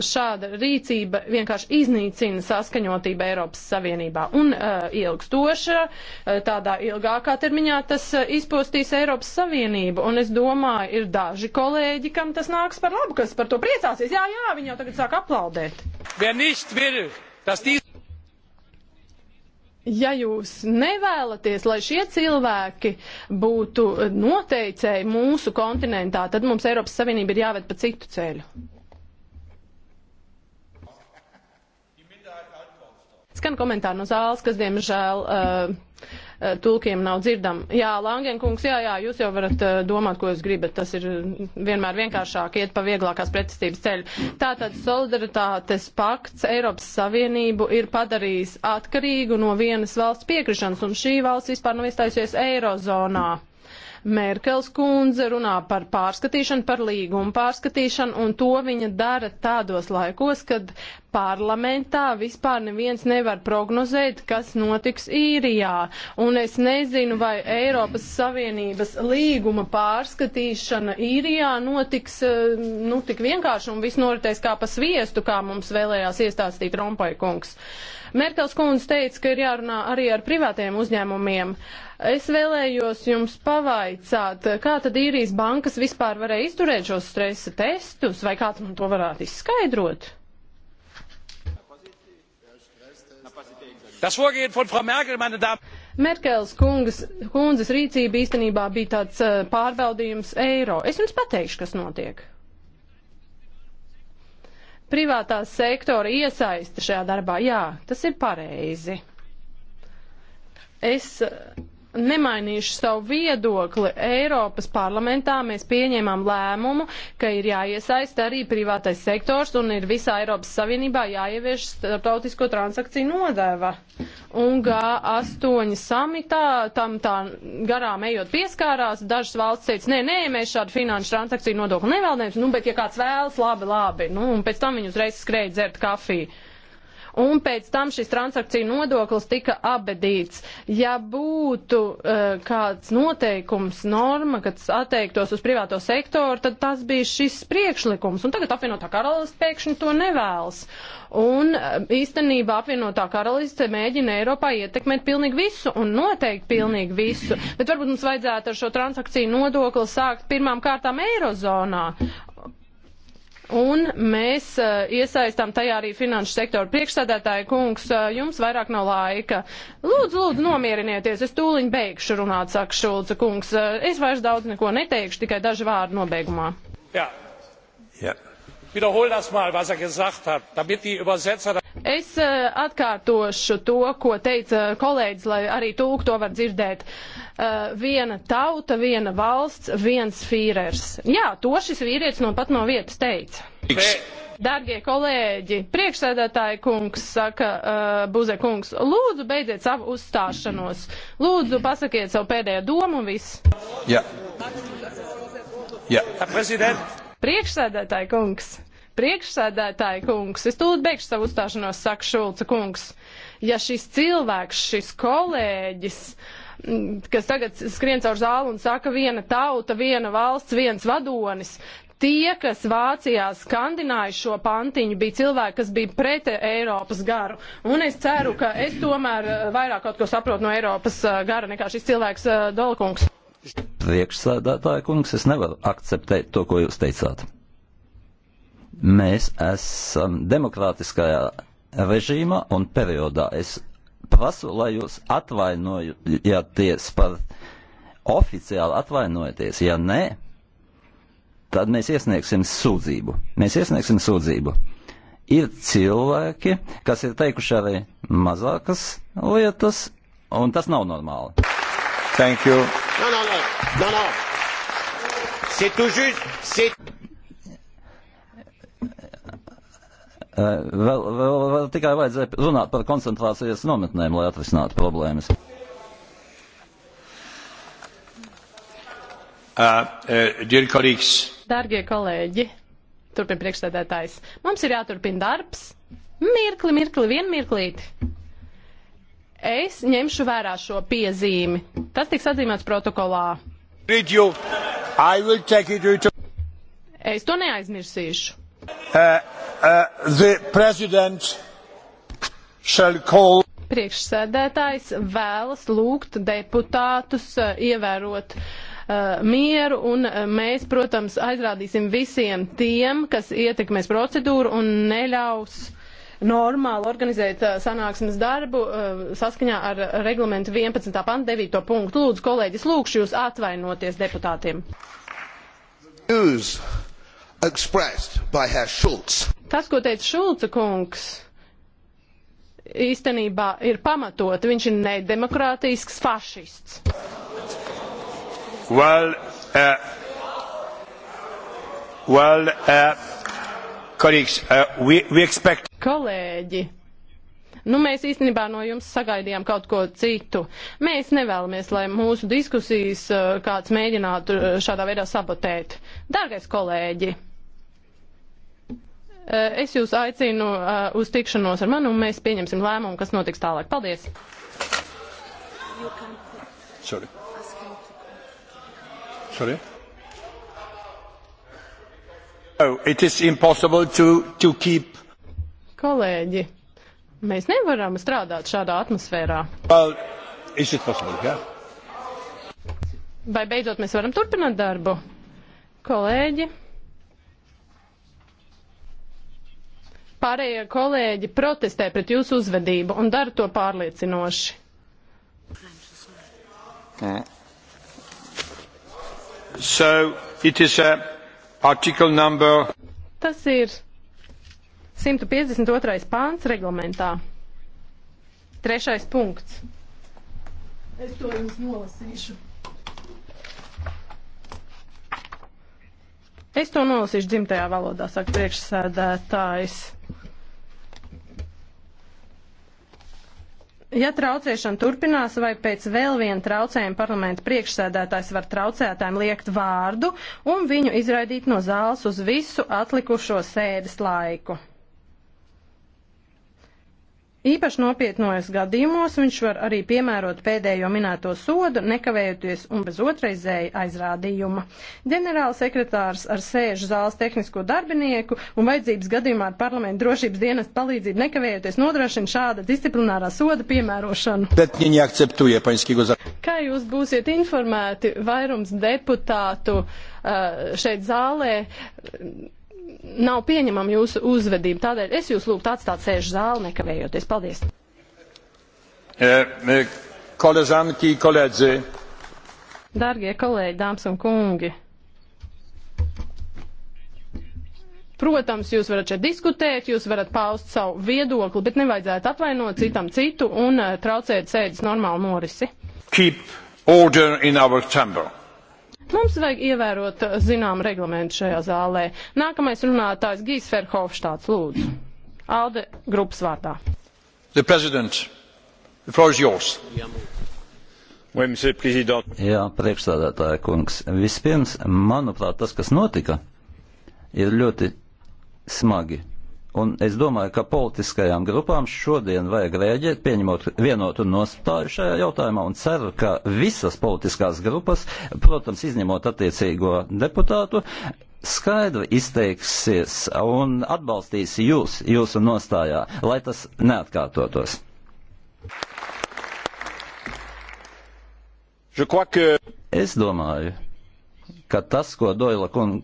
šāda rīcība vienkārši iznīcina saskaņotību Eiropas Savienībā. Un uh, ilgstoša, uh, tādā ilgākā termiņā tas uh, izpostīs Eiropas Savienību. Un es domāju, ir daži kolēģi, kam tas nāks par labu, kas par to priecāsies. Jā, jā, viņi jau tagad sāk aplaudēt. Ja jūs nevēlaties, lai šie cilvēki būtu noteicēji mūsu kontinentā, tad mums Eiropas Savienība ir jāved pa citu ceļu. skan komentāri no zāles, kas diemžēl uh, tulkiem nav dzirdam. Jā, Langenkungs, jā, jā, jūs jau varat uh, domāt, ko jūs gribat. Tas ir vienmēr vienkāršāk iet pa vieglākās pretestības ceļu. Tātad solidaritātes pakts Eiropas Savienību ir padarījis atkarīgu no vienas valsts piekrišanas, un šī valsts vispār nav iestājusies Eirozonā. Mm. Merkels kundze runā par pārskatīšanu, par līgumu pārskatīšanu, un to viņa dara tādos laikos, kad parlamentā vispār neviens nevar prognozēt, kas notiks īrijā. Un es nezinu, vai Eiropas Savienības līguma pārskatīšana īrijā notiks eh, nu, tik vienkārši un viss noritēs kā pa sviestu, kā mums vēlējās iestāstīt Rompai kungs. Merkels kundze teica, ka ir jārunā arī ar privātiem uzņēmumiem. Uh, Es vēlējos jums pavaicāt, kā tad īrijas bankas vispār varēja izturēt šos stresa testus, vai kāds man to varētu izskaidrot? Das Vorgehen von Frau Merkel, meine Damen. Merkels kungas, kundzes rīcība īstenībā bija tāds eh, pārbaudījums eiro. Es jums pateikšu, kas notiek. Privātā sektora iesaista šajā darbā, jā, tas ir pareizi. Es eh, nemainījuši savu viedokli. Eiropas parlamentā mēs pieņēmām lēmumu, ka ir jāiesaista arī privātais sektors un ir visā Eiropas Savienībā jāievieš starptautisko transakciju nodeva. Un G8 samitā tam tā garām ejot pieskārās, dažas valsts teica, nē, nē, mēs šādu finanšu transakciju nodokli nevēlamies, nu, bet ja kāds vēlas, labi, labi, nu, un pēc tam viņi uzreiz skrēja dzert kafiju un pēc tam šis transakciju nodoklis tika abedīts. Ja būtu uh, kāds noteikums, norma, kas atteiktos uz privāto sektoru, tad tas bija šis priekšlikums, un tagad apvienotā karalists pēkšņi to nevēlas. Un uh, īstenībā apvienotā karaliste mēģina Eiropā ietekmēt pilnīgi visu un noteikti pilnīgi visu, bet varbūt mums vajadzētu ar šo transakciju nodokli sākt pirmām kārtām Eirozonā un mēs eh, iesaistām tajā arī finanšu sektoru priekšsēdētāju kungs, eh, jums vairāk nav laika. Lūdzu, lūdzu, nomierinieties, es tūliņ beigšu runāt, saka Šulca kungs. Eh, es vairs daudz neko neteikšu, tikai daži vārdi nobeigumā. Jā. Jā. Wiederhol das mal, was er gesagt hat, damit die Übersetzer. Es atkārtošu to, ko teica kolēģis, lai arī tūk to var dzirdēt. Uh, uh, viena tauta, viena valsts, viens fīrers. Jā, to šis vīrietis no pat no vietas teica. Tiks. Dargie kolēģi, priekšsēdētāji kungs, saka uh, Buze kungs, lūdzu beidziet savu uzstāšanos. Lūdzu pasakiet savu pēdējo domu un viss. Jā. Jā. Priekšsēdētāji kungs, priekšsēdētāji kungs, es tūlīt beigšu savu uzstāšanos, saka Šulca kungs. Ja šis cilvēks, šis kolēģis. Uh, kas tagad skrien caur zāli un saka viena tauta, viena valsts, viens vadonis. Tie, kas Vācijā skandināja šo pantiņu, bija cilvēki, kas bija pret Eiropas garu. Un es ceru, ka es tomēr eh, vairāk kaut ko saprotu no Eiropas eh, gara nekā šis cilvēks eh, Dolkungs. Priekšsēdētāja kungs, es nevaru akceptēt to, ko jūs teicāt. Mēs esam demokrātiskajā režīmā un periodā. Es prasu, lai jūs atvainojaties par oficiāli atvainojieties. Ja nē, tad mēs iesniegsim sūdzību. Mēs iesniegsim sūdzību. Ir cilvēki, kas ir teikuši arī mazākas lietas, un tas nav normāli. Thank you. No, no, no. No, no. C'est tout juste. C'est... Eh, vēl, vēl, vēl tikai vajadzēja runāt par koncentrācijas nometnēm, lai atrisinātu problēmas. Uh, uh, Dārgie kolēģi, turpina priekšstādētājs, mums ir jāturpina darbs. Mirkli, mirkli, vien mirklīti. Es ņemšu vērā šo piezīmi. Tas tiks atzīmēts protokolā. To... Es to neaizmirsīšu. Uh, uh, Priekšsēdētājs vēlas lūgt deputātus uh, ievērot uh, mieru, un uh, mēs, protams, aizrādīsim visiem tiem, kas ietekmēs procedūru un neļaus normāli organizēt uh, sanāksmes darbu saskaņā ar reglamentu 11. pant 9. punktu. Lūdzu, kolēģis, lūkšu jūs atvainoties deputātiem. News. Tas, ko teica Šulca kungs, īstenībā ir pamatot. Viņš ir nedemokrātisks fašists. Well, uh, well, uh, colleagues, uh, we, we expect... Kolēģi, Nu, mēs īstenībā no jums sagaidījām kaut ko citu. Mēs nevēlamies, lai mūsu diskusijas uh, kāds mēģinātu uh, šādā veidā sabotēt. Dārgais kolēģi! Eh, es jūs aicinu eh, uz tikšanos ar mani, un mēs pieņemsim lēmumu, kas notiks tālāk. Paldies! Sorry. Sorry. Oh, it is impossible to, to keep. Kolēģi, mēs nevaram strādāt šādā atmosfērā. Well, is it possible, yeah? Vai beidzot mēs varam turpināt darbu? Kolēģi. Pārējie kolēģi protestē pret jūsu uzvedību un dara to pārliecinoši. Uh, so, uh, number... Tas ir 152. pāns reglamentā. Trešais punkts. Es to jums nolasīšu. Es to nolasīšu dzimtajā valodā, saka priekšsēdētājs. Ja traucēšana turpinās vai pēc vēl viena traucējuma parlamenta priekšsēdētājs var traucētājiem liekt vārdu un viņu izraidīt no zāles uz visu atlikušo sēdes laiku. Īpaši nopietnos gadījumos viņš var arī piemērot pēdējo minēto sodu, nekavējoties un bez otraizēja aizrādījuma. Ģenerāla sekretārs ar sēžu zāles tehnisko darbinieku un vajadzības gadījumā ar parlamentu drošības dienas palīdzību nekavējoties nodrošina šāda disciplinārā soda piemērošanu. Bet viņi akceptuje paņskīgo zāli. Kā jūs būsiet informēti, vairums deputātu uh, šeit zālē nav pieņemama jūsu uzvedība. Tādēļ es jūs lūgtu atstāt sēžu zāli nekavējoties. Paldies. Eh, koleżanki i koledzy. Dargie kolēģi, dāmas un kungi. Protams, jūs varat šeit diskutēt, jūs varat paust savu viedokli, bet nevajadzētu atvainot citam citu un eh, traucēt sēdes normālu norisi. Keep order in our chamber. Mums vajag ievērot eh, zinām reglamentu šajā zālē. Nākamais runātājs Gijs Ferhofštāts lūdzu. Alde grupas vārdā. The president, the floor is yours. Vai, monsieur président? Jā, priekšstādātāja kungs. Vispirms, manuprāt, tas, kas notika, ir ļoti smagi Un es domāju, ka politiskajām grupām šodien vajag rēģēt, pieņemot vienotu nostāju šajā jautājumā, un ceru, ka visas politiskās grupas, protams, izņemot attiecīgo deputātu, skaidri izteiksies un atbalstīs jūs, jūsu nostājā, lai tas neatkārtotos. Es domāju, ka tas, ko Dola, kung,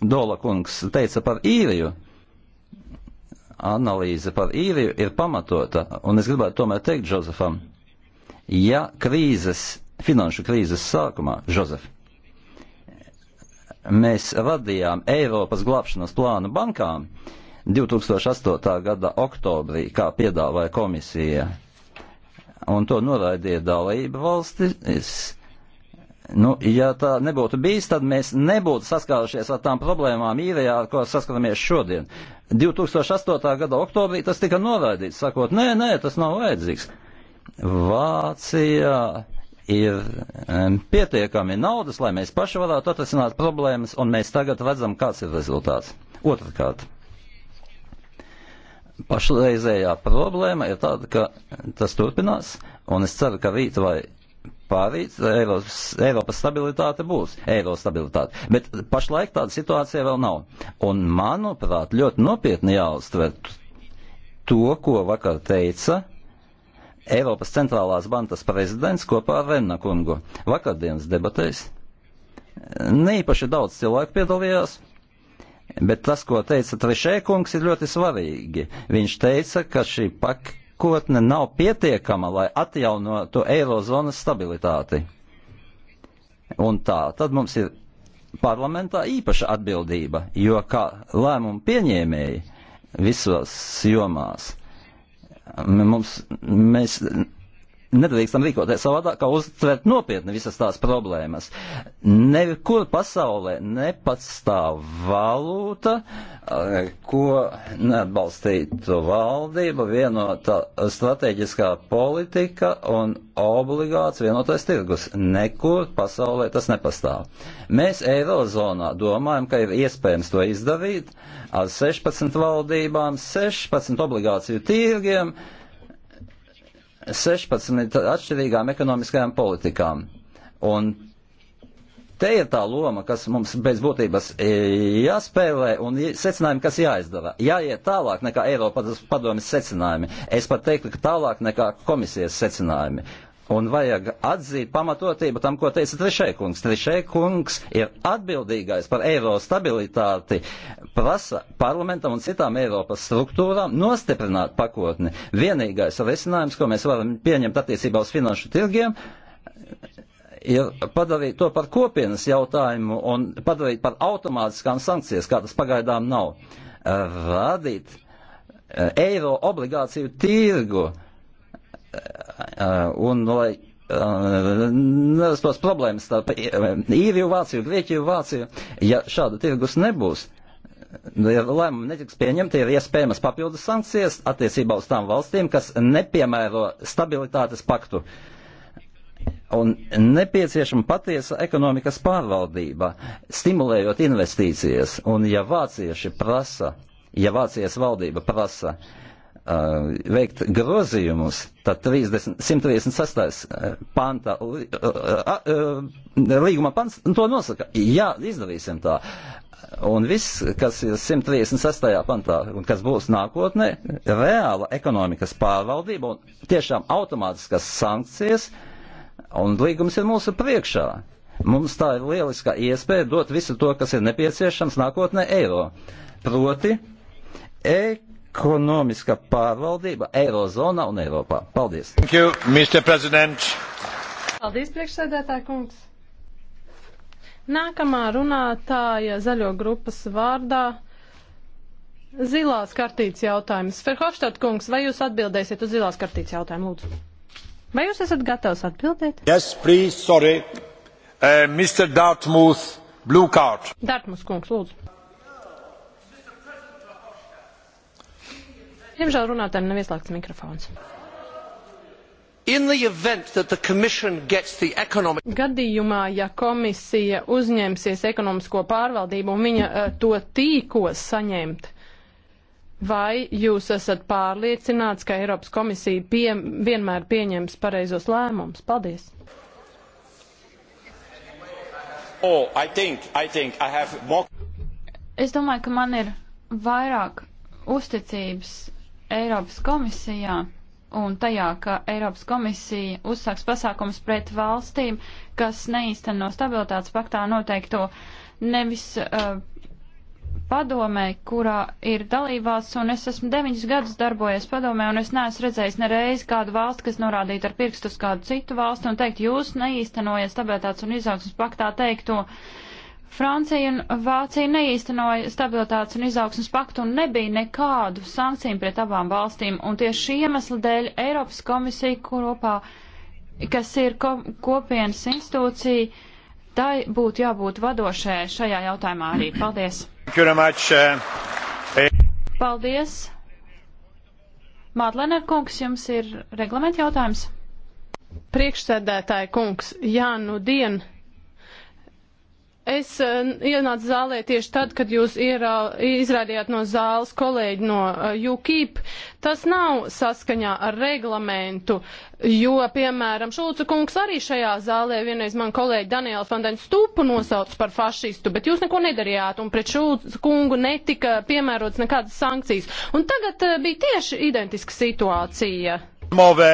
Dola kungs teica par īriju, analīze par īriju ir pamatota, un es gribētu tomēr teikt Džozefam, ja krīzes, finanšu krīzes sākumā, Džozef, mēs radījām Eiropas glābšanas plānu bankām 2008. gada oktobrī, kā piedāvāja komisija, un to noraidīja dalība valstis Nu, ja tā nebūtu bijis, tad mēs nebūtu saskārušies ar tām problēmām īrijā, ar ko saskaramies šodien. 2008. gada oktobrī tas tika noraidīts, sakot, nē, nē, tas nav vajadzīgs. Vācijā ir um, pietiekami naudas, lai mēs paši varētu atrisināt problēmas, un mēs tagad redzam, kāds ir rezultāts. Otrakārt pašreizējā problēma ir tāda, ka tas turpinās, un es ceru, ka rīt vai Parīz, Eiropas, Eiropas stabilitāte būs, eiro stabilitāte. Bet pašlaik tāda situācija vēl nav. Un, manuprāt, ļoti nopietni jāuztver to, ko vakar teica Eiropas centrālās bankas prezidents kopā ar Renna kungu. Vakardienas debatēs neīpaši daudz cilvēku piedalījās. Bet tas, ko teica Trešē kungs, ir ļoti svarīgi. Viņš teica, ka šī pak pakotne nav pietiekama, lai atjaunotu eirozonas stabilitāti. Un tā, tad mums ir parlamentā īpaša atbildība, jo kā lēmumu pieņēmēji visos jomās, mums, mēs nedrīkstam rīkoties savādāk, kā uztvert nopietni visas tās problēmas. Nekur pasaulē nepastāv valūta, eh, ko neatbalstītu valdība, vienota strateģiskā politika un obligāts vienotais tirgus. Nekur pasaulē tas nepastāv. Mēs Eirozonā domājam, ka ir iespējams to izdarīt ar 16 valdībām, 16 obligāciju tirgiem 16 atšķirīgām ekonomiskajām politikām. Un te ir tā loma, kas mums bez būtības e, jāspēlē un secinājumi, kas jāizdara. Jāiet tālāk nekā Eiropas padomjas secinājumi. Es pat teiktu, ka tālāk nekā komisijas secinājumi un vajag atzīt pamatotību tam, ko teica Trešēkungs. Trešēkungs ir atbildīgais par eiro stabilitāti, prasa parlamentam un citām Eiropas struktūrām nostiprināt pakotni. Vienīgais risinājums, ko mēs varam pieņemt attiecībā uz finanšu tirgiem, ir padarīt to par kopienas jautājumu un padarīt par automātiskām sankcijas, kā tas pagaidām nav. Radīt eh, eiro obligāciju tirgu Uh, un lai uh, nerastos problēmas starp uh, īriju, Vāciju, Grieķiju, Vāciju, ja šāda tirgus nebūs. Ja lēmumi netiks pieņemti, ir iespējamas papildus sankcijas attiecībā uz tām valstīm, kas nepiemēro stabilitātes paktu. Un nepieciešama patiesa ekonomikas pārvaldība, stimulējot investīcijas. Un ja vācieši prasa, ja Vācijas valdība prasa uh, uh, veikt grozījumus, tad 30, 136. panta uh, uh, līguma pants to nosaka. Jā, izdarīsim tā. Un viss, kas ir 136. pantā un kas būs nākotnē, reāla ekonomikas pārvaldība un tiešām automātiskas sankcijas, un līgums ir mūsu priekšā. Mums tā ir lieliska iespēja dot visu to, kas ir nepieciešams nākotnē eiro. Proti, e ekonomiska pārvaldība Eirozonā un Eiropā. Paldies! Thank you, Mr. President! Paldies, priekšsēdētāj kungs! Nākamā runātāja zaļo grupas vārdā. Zilās kartītes jautājums. Ferhofstadt kungs, vai jūs atbildēsiet uz zilās kartītes jautājumu, lūdzu? Vai jūs esat gatavs atbildēt? Yes, please, sorry. Uh, Mr. Dartmouth, blue card. Dartmouth kungs, lūdzu. Diemžēl runātājiem nav ieslēgts mikrofons. Economic... Gadījumā, ja komisija uzņemsies ekonomisko pārvaldību un viņa uh, to tīkos saņemt, vai jūs esat pārliecināts, ka Eiropas komisija pie, vienmēr pieņems pareizos lēmumus? Paldies! Oh, I think, I think I have... Es domāju, ka man ir vairāk uzticības Eiropas komisijā un tajā, ka Eiropas komisija uzsāks pasākums pret valstīm, kas neīsteno stabilitātes paktā noteikto nevis uh, padomē, kurā ir dalībvalsts, un es esmu deviņus gadus darbojies padomē, un es neesmu redzējis nereiz kādu valsti, kas norādītu ar pirkstu uz kādu citu valstu un teikt, jūs neīstenojat stabilitātes un izaugsmas paktā teikto. Uh, Francija un Vācija neīstenoja stabilitātes un izaugsmas paktu un nebija nekādu sankciju pret abām valstīm. Un tieši šī iemesla dēļ Eiropas komisija kopā, kas ir ko, kopienas institūcija, tai būtu jābūt vadošajai šajā jautājumā arī. Paldies! Uh, eh. Paldies! Mātlener kungs, jums ir reglamenta jautājums? Priekšsēdētāja kungs, jā, nu dien Es eh, ienācu zālē tieši tad, kad jūs ierā, izrādījāt no zāles kolēģi no eh, UKIP. Tas nav saskaņā ar reglamentu, jo, piemēram, Šulca kungs arī šajā zālē vienreiz man kolēģi Daniela Fandaņa stupu nosauc par fašistu, bet jūs neko nedarījāt un pret Šulca kungu netika piemērots nekādas sankcijas. Un tagad eh, bija tieši identiska situācija. Mowę.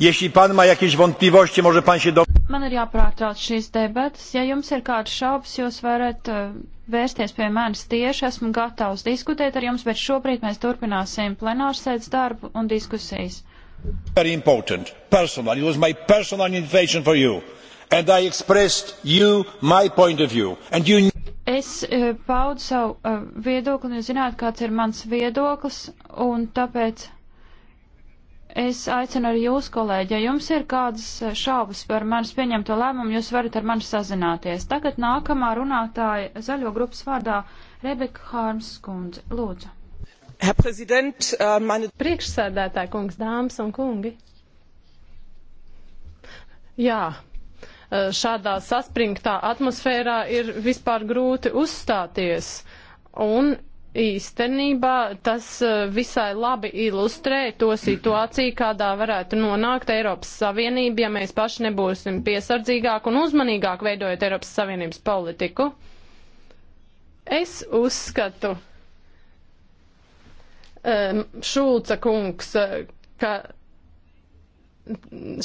Jeśli pan ma jakieś wątpliwości, może pan się do... Man ir jāpārtrauc šīs debatas. Ja jums ir kāds šaubas, jūs varat uh, vērsties pie manis tieši. Esmu gatavs diskutēt ar jums, bet šobrīd mēs turpināsim plenārsēdes darbu un diskusijas. Very important, personal. It was my personal invitation for you. And I expressed you my point of view. And you es uh, paudu savu uh, viedokli, un jūs zināt, kāds ir mans viedoklis, un tāpēc Es aicinu arī jūs, kolēģi, ja jums ir kādas šaubas par manis pieņemto lēmumu, jūs varat ar mani sazināties. Tagad nākamā runātāja zaļo grupas vārdā Rebeka Hārms kundze. Lūdzu. Herr Präsident, äh, meine Priekšsēdētāja kungs, dāmas un kungi. Jā, äh, šādā saspringtā atmosfērā ir vispār grūti uzstāties. Un īstenībā tas eh, visai labi ilustrē to situāciju, kādā varētu nonākt Eiropas Savienība, ja mēs paši nebūsim piesardzīgāk un uzmanīgāk veidojot Eiropas Savienības politiku. Es uzskatu, um, Šulca kungs, eh, ka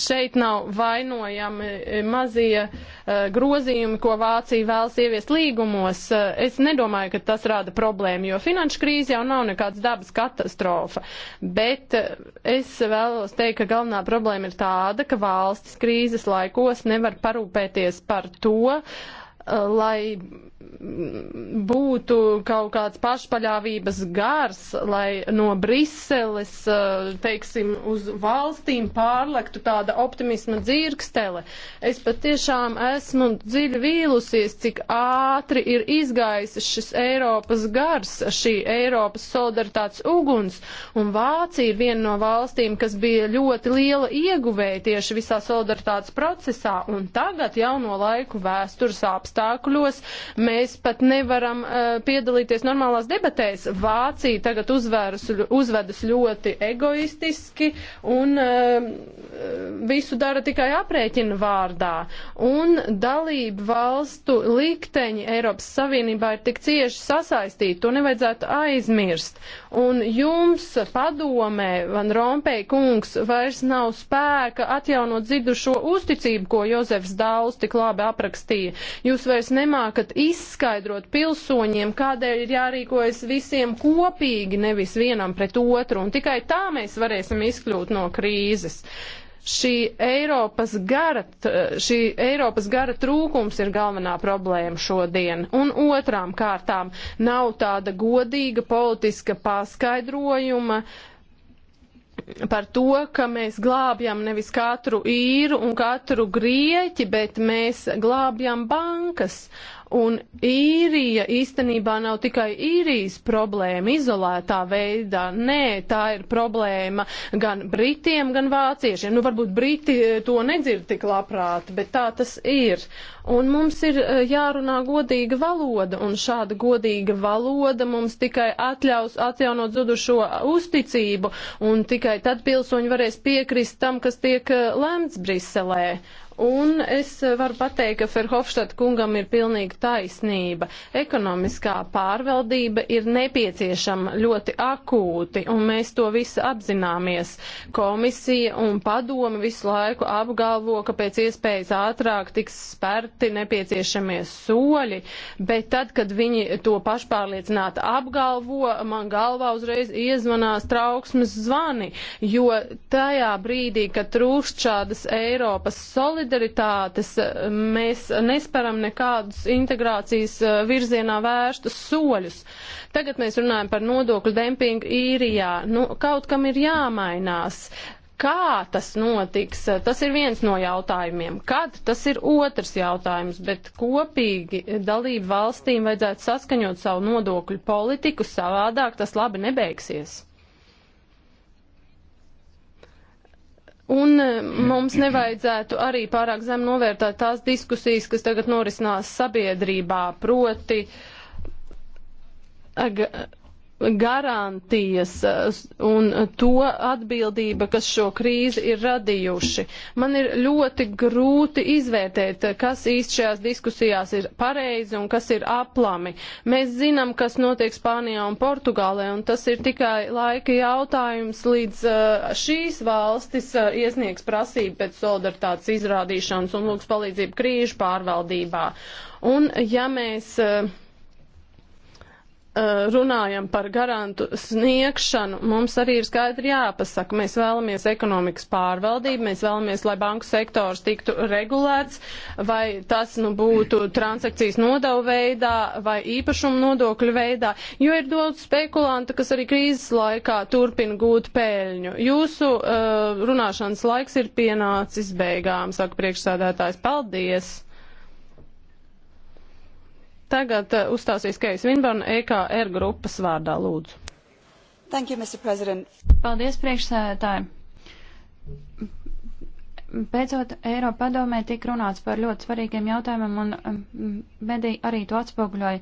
šeit nav vainojami mazie eh, grozījumi, ko Vācija vēlas ieviest līgumos. Eh, es nedomāju, ka tas rada problēmu, jo finanšu krīze jau nav nekāds dabas katastrofa. Bet eh, es vēlos teikt, ka galvenā problēma ir tāda, ka valstis krīzes laikos nevar parūpēties par to, uh, Uh, lai būtu kaut kāds pašpaļāvības gars, lai no Briseles, uh, teiksim, uz valstīm pārlektu tāda optimisma dzirkstele. Es patiešām esmu dziļi vīlusies, cik ātri ir izgājis šis Eiropas gars, šī Eiropas solidaritātes uguns, un Vācija ir viena no valstīm, kas bija ļoti liela ieguvēja tieši visā solidaritātes procesā, un tagad jau no laiku vēstures apstākļos apstākļos mēs pat nevaram uh, piedalīties normālās debatēs. Vācija tagad uzvēras, uzvedas ļoti egoistiski un uh, visu dara tikai aprēķina vārdā. Un dalību valstu likteņi Eiropas Savienībā ir tik cieši sasaistīti, to nevajadzētu aizmirst. Un jums padomē, Van Rompēj kungs, vairs nav spēka atjaunot dzidušo uzticību, ko Jozefs Dāls tik labi aprakstīja. Jūs jūs vairs nemākat izskaidrot pilsoņiem, kādēļ ir jārīkojas visiem kopīgi, nevis vienam pret otru, un tikai tā mēs varēsim izkļūt no krīzes. Šī Eiropas, gara, šī Eiropas gara trūkums ir galvenā problēma šodien. Un otrām kārtām nav tāda godīga politiska paskaidrojuma, uh, par to, ka mēs glābjam nevis katru īru un katru grieķi, bet mēs glābjam bankas. Un īrija īstenībā nav tikai īrijas problēma izolētā veidā. Nē, tā ir problēma gan britiem, gan vāciešiem. Nu, varbūt briti e, to nedzird tik labprāt, bet tā tas ir. Un mums ir e, jārunā godīga valoda, un šāda godīga valoda mums tikai atļaus atjaunot zudušo uzticību, un tikai tad pilsoņi varēs piekrist tam, kas tiek e, lemts Briselē. Un es varu pateikt, ka Ferhofštad kungam ir pilnīga taisnība. Ekonomiskā pārvaldība ir nepieciešama ļoti akūti, un mēs to visi apzināmies. Komisija un padoma visu laiku apgalvo, ka pēc iespējas ātrāk tiks spērti nepieciešamie soļi, bet tad, kad viņi to pašpārliecināti apgalvo, man galvā uzreiz iezvanās trauksmes zvani, jo tajā brīdī, kad trūkst šādas Eiropas solidaritātes, solidaritātes mēs nesparam nekādus integrācijas eh, virzienā vērstus soļus. Tagad mēs runājam par nodokļu dempingu īrijā. Nu, kaut kam ir jāmainās. Kā tas notiks, tas ir viens no jautājumiem. Kad, tas ir otrs jautājums, bet kopīgi dalību valstīm vajadzētu saskaņot savu nodokļu politiku, savādāk tas labi nebeigsies. Un eh, mums nevajadzētu arī pārāk zem novērtēt tās diskusijas, kas tagad norisinās sabiedrībā, proti garantijas eh, un to atbildība, kas šo krīzi ir radījuši. Man ir ļoti grūti izvērtēt, kas īsti šajās diskusijās ir pareizi un kas ir aplami. Mēs zinām, kas notiek Spānijā un Portugālē, un tas ir tikai laika jautājums, līdz eh, šīs valstis eh, iesniegs prasību pēc solidaritātes izrādīšanas un lūgs palīdzību krīžu pārvaldībā. Un ja mēs uh, Eh, runājam par garantu sniegšanu, mums arī ir skaidri jāpasaka, mēs vēlamies ekonomikas pārvaldību, mēs vēlamies, lai banku sektors tiktu regulēts, vai tas nu, būtu transakcijas nodevu veidā vai īpašumu nodokļu veidā, jo ir daudz spekulanta, kas arī krīzes laikā turpina gūt pēļņu. Jūsu uh, runāšanas laiks ir pienācis beigām, saka priekšsēdētājs. Paldies! Tagad eh, uzstāsies Keijas Vinborna EKR grupas vārdā, lūdzu. Thank you, Mr. President. Paldies, priekšsēdētāji. Beidzot, Eiropa padomē tik runāts par ļoti svarīgiem jautājumiem, un um, mediji arī to atspoguļoja.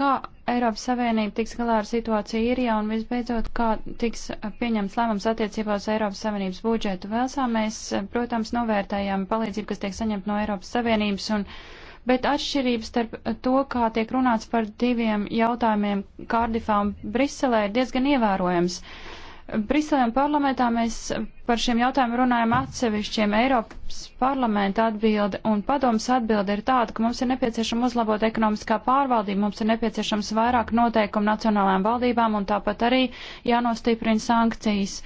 Kā Eiropas Savienība tiks galā ar situāciju Irijā, un visbeidzot, kā tiks uh, pieņemts lēmums attiecībā uz Eiropas Savienības budžetu? Velsā mēs, uh, protams, novērtējam palīdzību, kas tiek saņemta no Eiropas Savienības, un bet atšķirības starp to, kā tiek runāts par diviem jautājumiem Kārdifā un Briselē, ir diezgan ievērojams. Briselē un parlamentā mēs par šiem jautājumiem runājam atsevišķiem. Eiropas parlamenta atbilde un padomas atbilde ir tāda, ka mums ir nepieciešama uzlabot ekonomiskā pārvaldība, mums ir nepieciešams vairāk noteikumu nacionālajām valdībām un tāpat arī jānostiprina sankcijas.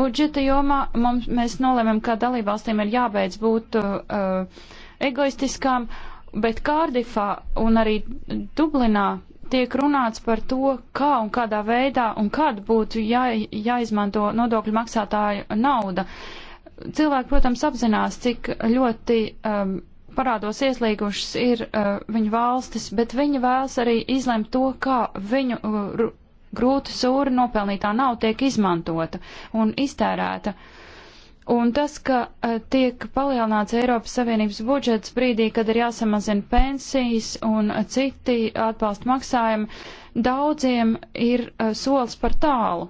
Budžeta jomā mums, mēs nolēmam, ka dalībvalstīm ir jābeidz būt uh, egoistiskām bet Kārdifā un arī Dublinā tiek runāts par to, kā un kādā veidā un kad būtu jā, jāizmanto nodokļu maksātāju nauda. Cilvēki, protams, apzinās, cik ļoti um, parādos ieslīgušas ir uh, viņu valstis, bet viņi vēlas arī izlemt to, kā viņu uh, grūti sūri nopelnītā nauda tiek izmantota un iztērēta. Uh, Un tas, ka eh, tiek palielināts Eiropas Savienības budžets brīdī, kad ir jāsamazina pensijas un citi atbalsta maksājumi, daudziem ir eh, solis par tālu.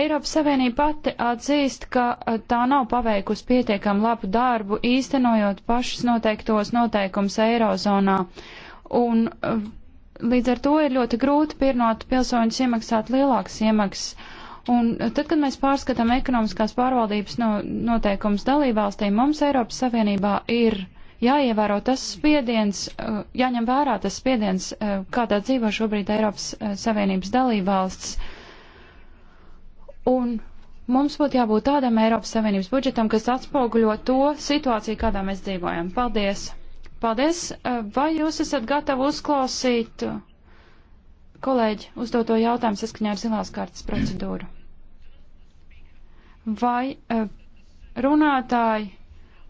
Eiropas Savienība pati atzīst, ka eh, tā nav paveikusi pietiekam labu darbu, īstenojot pašas noteiktos noteikums Eirozonā. Un līdz ar to ir ļoti grūti pirnot pilsoņus iemaksāt lielākas iemaksas. Un eh, tad, kad mēs pārskatām ekonomiskās pārvaldības no, noteikums dalībvalstīm, mums Eiropas Savienībā ir jāievēro tas spiediens, eh, jāņem vērā tas spiediens, eh, kādā dzīvo šobrīd Eiropas Savienības dalībvalsts. Un mums būtu jābūt tādam Eiropas Savienības budžetam, kas atspoguļo to situāciju, kādā mēs dzīvojam. Paldies! Paldies! Vai jūs esat gatavi uzklausīt? Kolēģi, uzdoto jautājumu saskaņā ar zilās kārtas procedūru. Vai uh, runātāji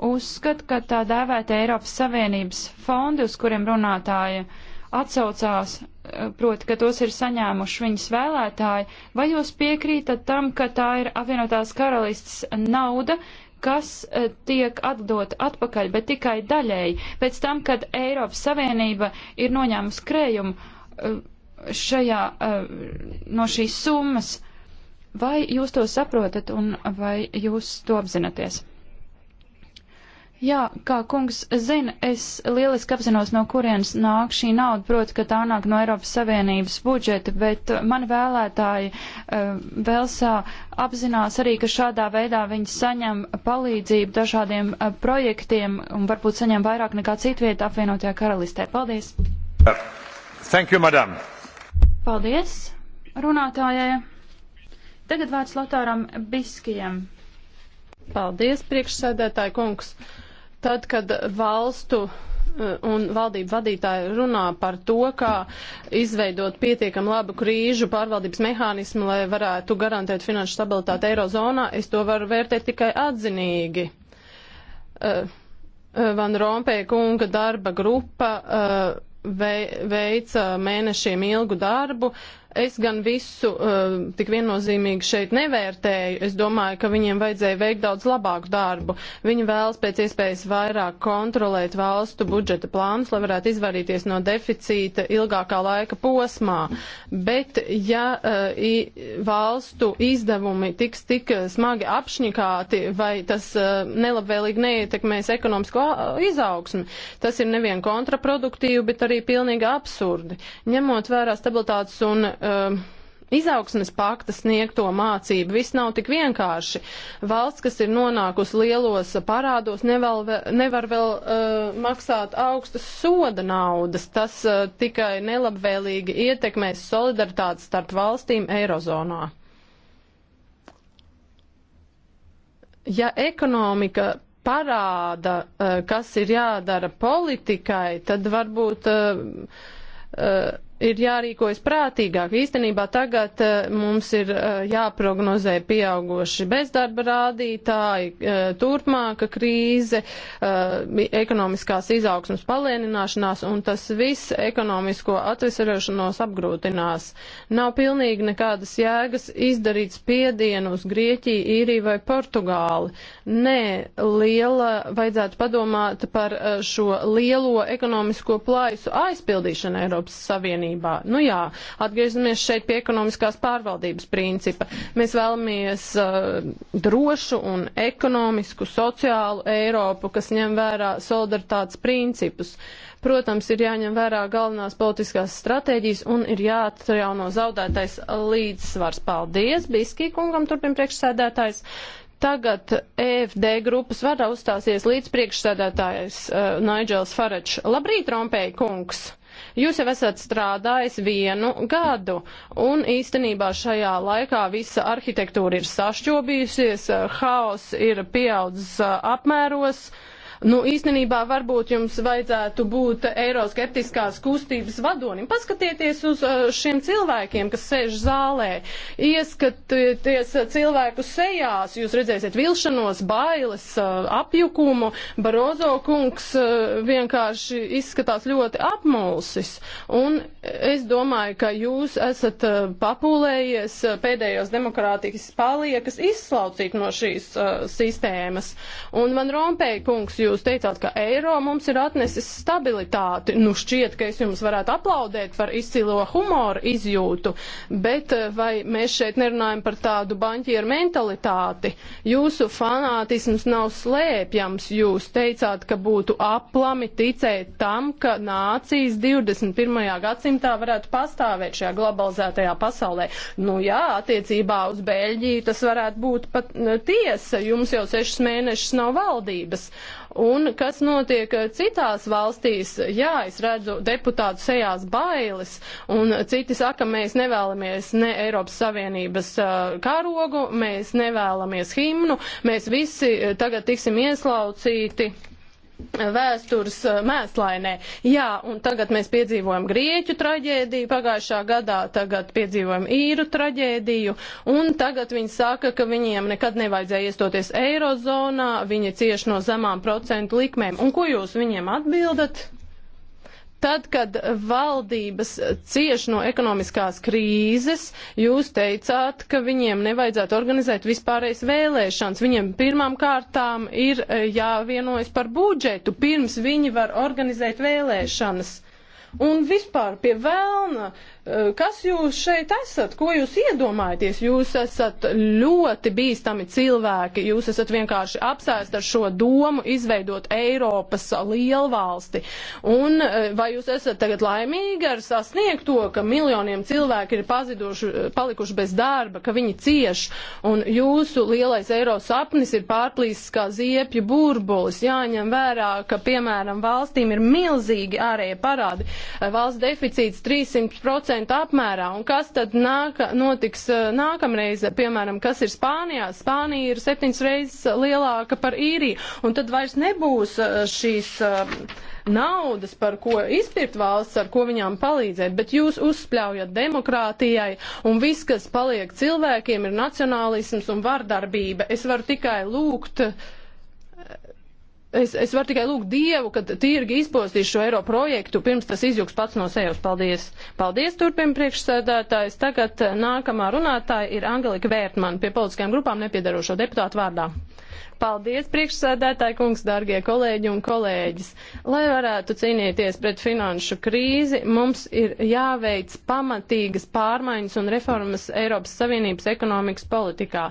uzskata, ka tā dēvēta Eiropas Savienības fondi, uz kuriem runātāji atsaucās, uh, proti, ka tos ir saņēmuši viņas vēlētāji, vai jūs piekrītat tam, ka tā ir apvienotās karalists nauda, kas eh, tiek atdot atpakaļ, bet tikai daļēji, pēc tam, kad Eiropas Savienība ir noņēmusi krējumu šajā, eh, no šīs summas. Vai jūs to saprotat un vai jūs to apzināties? Jā, kā kungs zina, es lieliski apzinos, no kurienes nāk šī nauda, proti, ka tā nāk no Eiropas Savienības budžeta, bet mani vēlētāji uh, Velsā apzinās arī, ka šādā veidā viņi saņem palīdzību dažādiem uh, projektiem un varbūt saņem vairāk nekā citvieta apvienotajā karalistē. Paldies! Thank you, madam! Paldies runātājai. Tagad vārds Lotāram Biskijam. Paldies, priekšsēdētāji kungs. Tad, kad valstu eh, un valdību vadītāji runā par to, kā izveidot pietiekam labu krīžu pārvaldības mehānismu, lai varētu garantēt finanšu stabilitāti Eirozonā, es to varu vērtēt tikai atzinīgi. Eh, eh, Van Rompēja kunga darba grupa veica mēnešiem ilgu darbu, uh, Es gan visu uh, tik viennozīmīgi šeit nevērtēju. Es domāju, ka viņiem vajadzēja veikt daudz labāku darbu. Viņi vēlas pēc iespējas vairāk kontrolēt valstu budžeta plānus, lai varētu izvairīties no deficīta ilgākā laika posmā. Bet, ja uh, i, valstu izdevumi tiks tik smagi apšņikāti, vai tas uh, nelabvēlīgi neietekmēs ekonomisko izaugsmi, tas ir nevien kontraproduktīvi, bet arī pilnīgi absurdi. Ņemot vērā stabilitātes un um, izaugsmes pakta sniegto mācību. Viss nav tik vienkārši. Valsts, kas ir nonākusi lielos parādos, nevēl, nevar vēl uh, maksāt augstas soda naudas. Tas uh, tikai nelabvēlīgi ietekmēs solidaritāti starp valstīm Eirozonā. Ja ekonomika parāda, uh, kas ir jādara politikai, tad varbūt. Uh, uh, ir jārīkojas prātīgāk. Īstenībā tagad uh, mums ir uh, jāprognozē pieaugoši bezdarba rādītāji, uh, turpmāka krīze, ekonomiskās izaugsmas palēnināšanās, un tas viss ekonomisko atvesarošanos apgrūtinās. Nav pilnīgi nekādas jēgas izdarīt spiedienu uz Grieķiju, Īriju vai Portugāli. Nē, liela vajadzētu padomāt par šo lielo ekonomisko plaisu aizpildīšanu Eiropas Savienībā. Savienībā. Nu jā, atgriezamies šeit pie ekonomiskās pārvaldības principa. Mēs vēlamies uh, drošu un ekonomisku, sociālu Eiropu, kas ņem vērā solidaritātes principus. Protams, ir jāņem vērā galvenās politiskās stratēģijas un ir jāatjauno zaudētais līdzsvars. Paldies, Biskī kungam, turpin priekšsēdētājs tagad EFD grupas vadā uzstāsies līdz priekšsēdētājs uh, Naidžels Faračs. Labrīt, Rompēja kungs! Jūs jau esat strādājis vienu gadu, un īstenībā šajā laikā visa arhitektūra ir sašķobījusies, eh, haoss ir pieaudzis eh, apmēros. Uh, Nu, īstenībā varbūt jums vajadzētu būt eiroskeptiskās kustības vadonim. Paskatieties uz uh, šiem cilvēkiem, kas sēž zālē. Ieskatieties cilvēku sejās, jūs redzēsiet vilšanos, bailes, uh, apjukumu. Barozo kungs uh, vienkārši izskatās ļoti apmulsis. Un es domāju, ka jūs esat papūlējies pēdējos demokrātijas paliekas izslaucīt no šīs uh, sistēmas. Un man Rompēja kungs, jūs jūs teicāt, ka eiro mums ir atnesis stabilitāti. Nu, šķiet, ka es jums varētu aplaudēt par izcilo humoru izjūtu, bet eh, vai mēs šeit nerunājam par tādu banķieru mentalitāti? Jūsu fanātisms nav slēpjams. Jūs teicāt, ka būtu aplami ticēt tam, ka nācijas 21. gadsimtā varētu pastāvēt šajā globalizētajā pasaulē. Nu jā, attiecībā uz Beļģiju tas varētu būt pat eh, tiesa. Jums jau sešas mēnešas nav valdības. Un kas notiek citās valstīs? Jā, es redzu deputātu sejās bailes, un citi saka, mēs nevēlamies ne Eiropas Savienības karogu, mēs nevēlamies himnu, mēs visi tagad tiksim ieslaucīti vēstures eh, mēslainē. Jā, un tagad mēs piedzīvojam grieķu traģēdiju, pagājušā gadā tagad piedzīvojam īru traģēdiju, un tagad viņi saka, ka viņiem nekad nevajadzēja iestoties eirozonā, viņi cieš no zemām procentu likmēm. Un ko jūs viņiem atbildat? Tad, kad valdības cieš no ekonomiskās krīzes, jūs teicāt, ka viņiem nevajadzētu organizēt vispārējais vēlēšanas. Viņiem pirmām kārtām ir e, jāvienojas par budžetu, pirms viņi var organizēt vēlēšanas. Un vispār pie vēlna uh, Eh, kas jūs šeit esat? Ko jūs iedomājaties? Jūs esat ļoti bīstami cilvēki. Jūs esat vienkārši apsēsti ar šo domu izveidot Eiropas lielvalsti. Un eh, vai jūs esat tagad laimīgi ar sasniegto, ka miljoniem cilvēki ir paziduši, palikuši bez darba, ka viņi cieš? Un jūsu lielais Eiro sapnis ir pārplīsis kā ziepju burbulis. Jāņem vērā, ka, piemēram, valstīm ir milzīgi ārējie parādi. Eh, valsts deficīts 300%. 10% apmērā. Un kas tad nāk, notiks eh, nākamreiz, piemēram, kas ir Spānijā? Spānija ir septiņas reizes lielāka par īriju. Un tad vairs nebūs eh, šīs eh, naudas, par ko izpirkt valsts, ar ko viņām palīdzēt, bet jūs uzspļaujat demokrātijai un viss, kas paliek cilvēkiem, ir nacionālisms un vardarbība. Es varu tikai lūgt. Uh, Es, es varu tikai lūgt Dievu, ka tirgi izpostīs šo eiro projektu, pirms tas izjūgs pats no sevis. Paldies! Paldies, turpina priekšsēdētājs. Tagad nākamā runātāja ir Angelika Vērtman, pie politiskajām grupām nepiedarošo deputātu vārdā. Paldies, priekšsēdētāji kungs, dārgie kolēģi un kolēģis. Lai varētu cīnīties pret finanšu krīzi, mums ir jāveic pamatīgas pārmaiņas un reformas Eiropas Savienības ekonomikas politikā.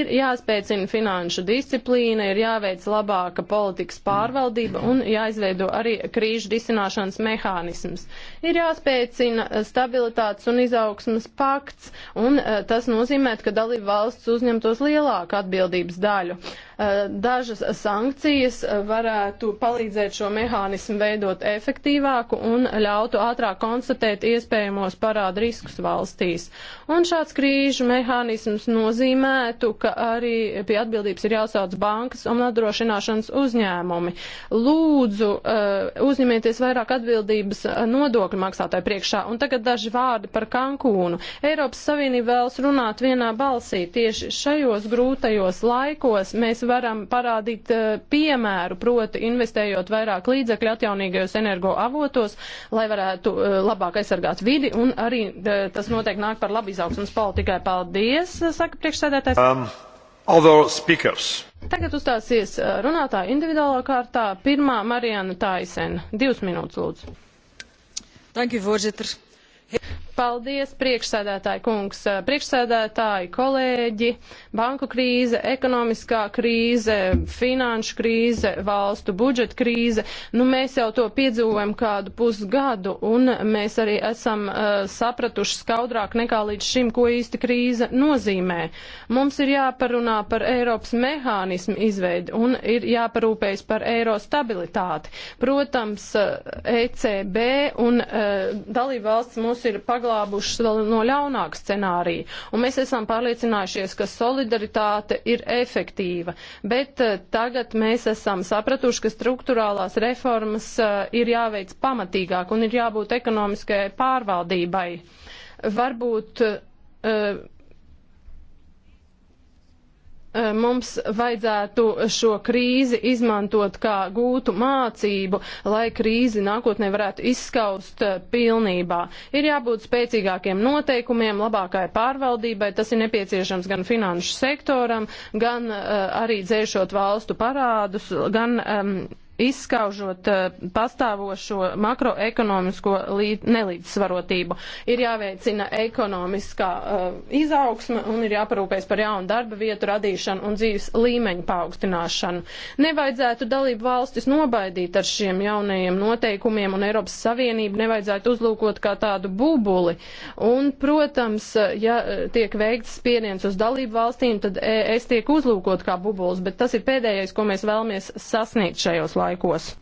Ir jāspēcina finanšu disciplīna, ir jāveic labāka politikas pārvaldība un jāizveido arī krīžu disināšanas mehānisms. Ir jāspēcina stabilitātes un izaugsmas pakts, un eh, tas nozīmē, ka dalība valsts uzņemtos lielāku atbildības daļu. Eh, dažas sankcijas eh, varētu palīdzēt šo mehānismu veidot efektīvāku un ļautu ātrāk konstatēt iespējamos parādu riskus valstīs. Un šāds krīžu mehānisms nozīmētu, ka arī pie atbildības ir jāsauc bankas un nodrošināšanas uzņēmumi. Lūdzu, eh, uzņemieties vairāk atbildības nodokļu maksātāju priekšā. Un tagad daži vārdi par Kankūnu. Eiropas Savienība vēlas runāt vienā balsī. Tieši šajos grūtajos laikos mēs varam parādīt eh, piemēru, proti investējot vairāk līdzekļu atjaunīgajos energoavotos, lai varētu eh, labāk aizsargāt vidi un arī eh, tas noteikti nāk par labu izaugsmas politikai. Paldies, saka priekšsēdētājs. Um. Tagad uzstāsies runātāja individuālā kārtā. Pirmā Marijana Taisena. Divas minūtes, lūdzu. Thank you, voorzitter. Paldies, priekšsēdētāji kungs, priekšsēdētāji kolēģi. Banku krīze, ekonomiskā krīze, finanšu krīze, valstu budžeta krīze. Nu, mēs jau to piedzīvojam kādu pusgadu, un mēs arī esam uh, sapratuši skaudrāk nekā līdz šim, ko īsti krīze nozīmē. Mums ir jāparunā par Eiropas mehānismu izveidi un ir jāparūpējas par eiro stabilitāti. Protams, uh, ECB un uh, dalībvalsts mūs ir pagalbojis saglābušas vēl no ļaunāka scenārija. Un mēs esam pārliecinājušies, ka solidaritāte ir efektīva. Bet eh, tagad mēs esam sapratuši, ka struktūrālās reformas eh, ir jāveic pamatīgāk un ir jābūt ekonomiskai pārvaldībai. Varbūt uh, Eh, mums vajadzētu šo krīzi izmantot kā gūtu mācību, lai krīzi nākotnē varētu izskaust eh, pilnībā. Ir jābūt spēcīgākiem noteikumiem, labākai pārvaldībai, tas ir nepieciešams gan finanšu sektoram, gan uh, arī dzēšot valstu parādus, gan. Um, izskaužot eh, pastāvošo makroekonomisko nelīdzsvarotību. Ir jāveicina ekonomiskā uh, izaugsme un ir jāparūpēs par jaunu darba vietu radīšanu un dzīves līmeņu paaugstināšanu. Nevajadzētu dalību valstis nobaidīt ar šiem jaunajiem noteikumiem un Eiropas Savienību nevajadzētu uzlūkot kā tādu bubuli. Un, protams, ja eh, tiek veikts spiediens uz dalību valstīm, tad es tiek uzlūkot kā bubuls, bet tas ir pēdējais, ko mēs vēlamies sasniegt šajos laikos laikos.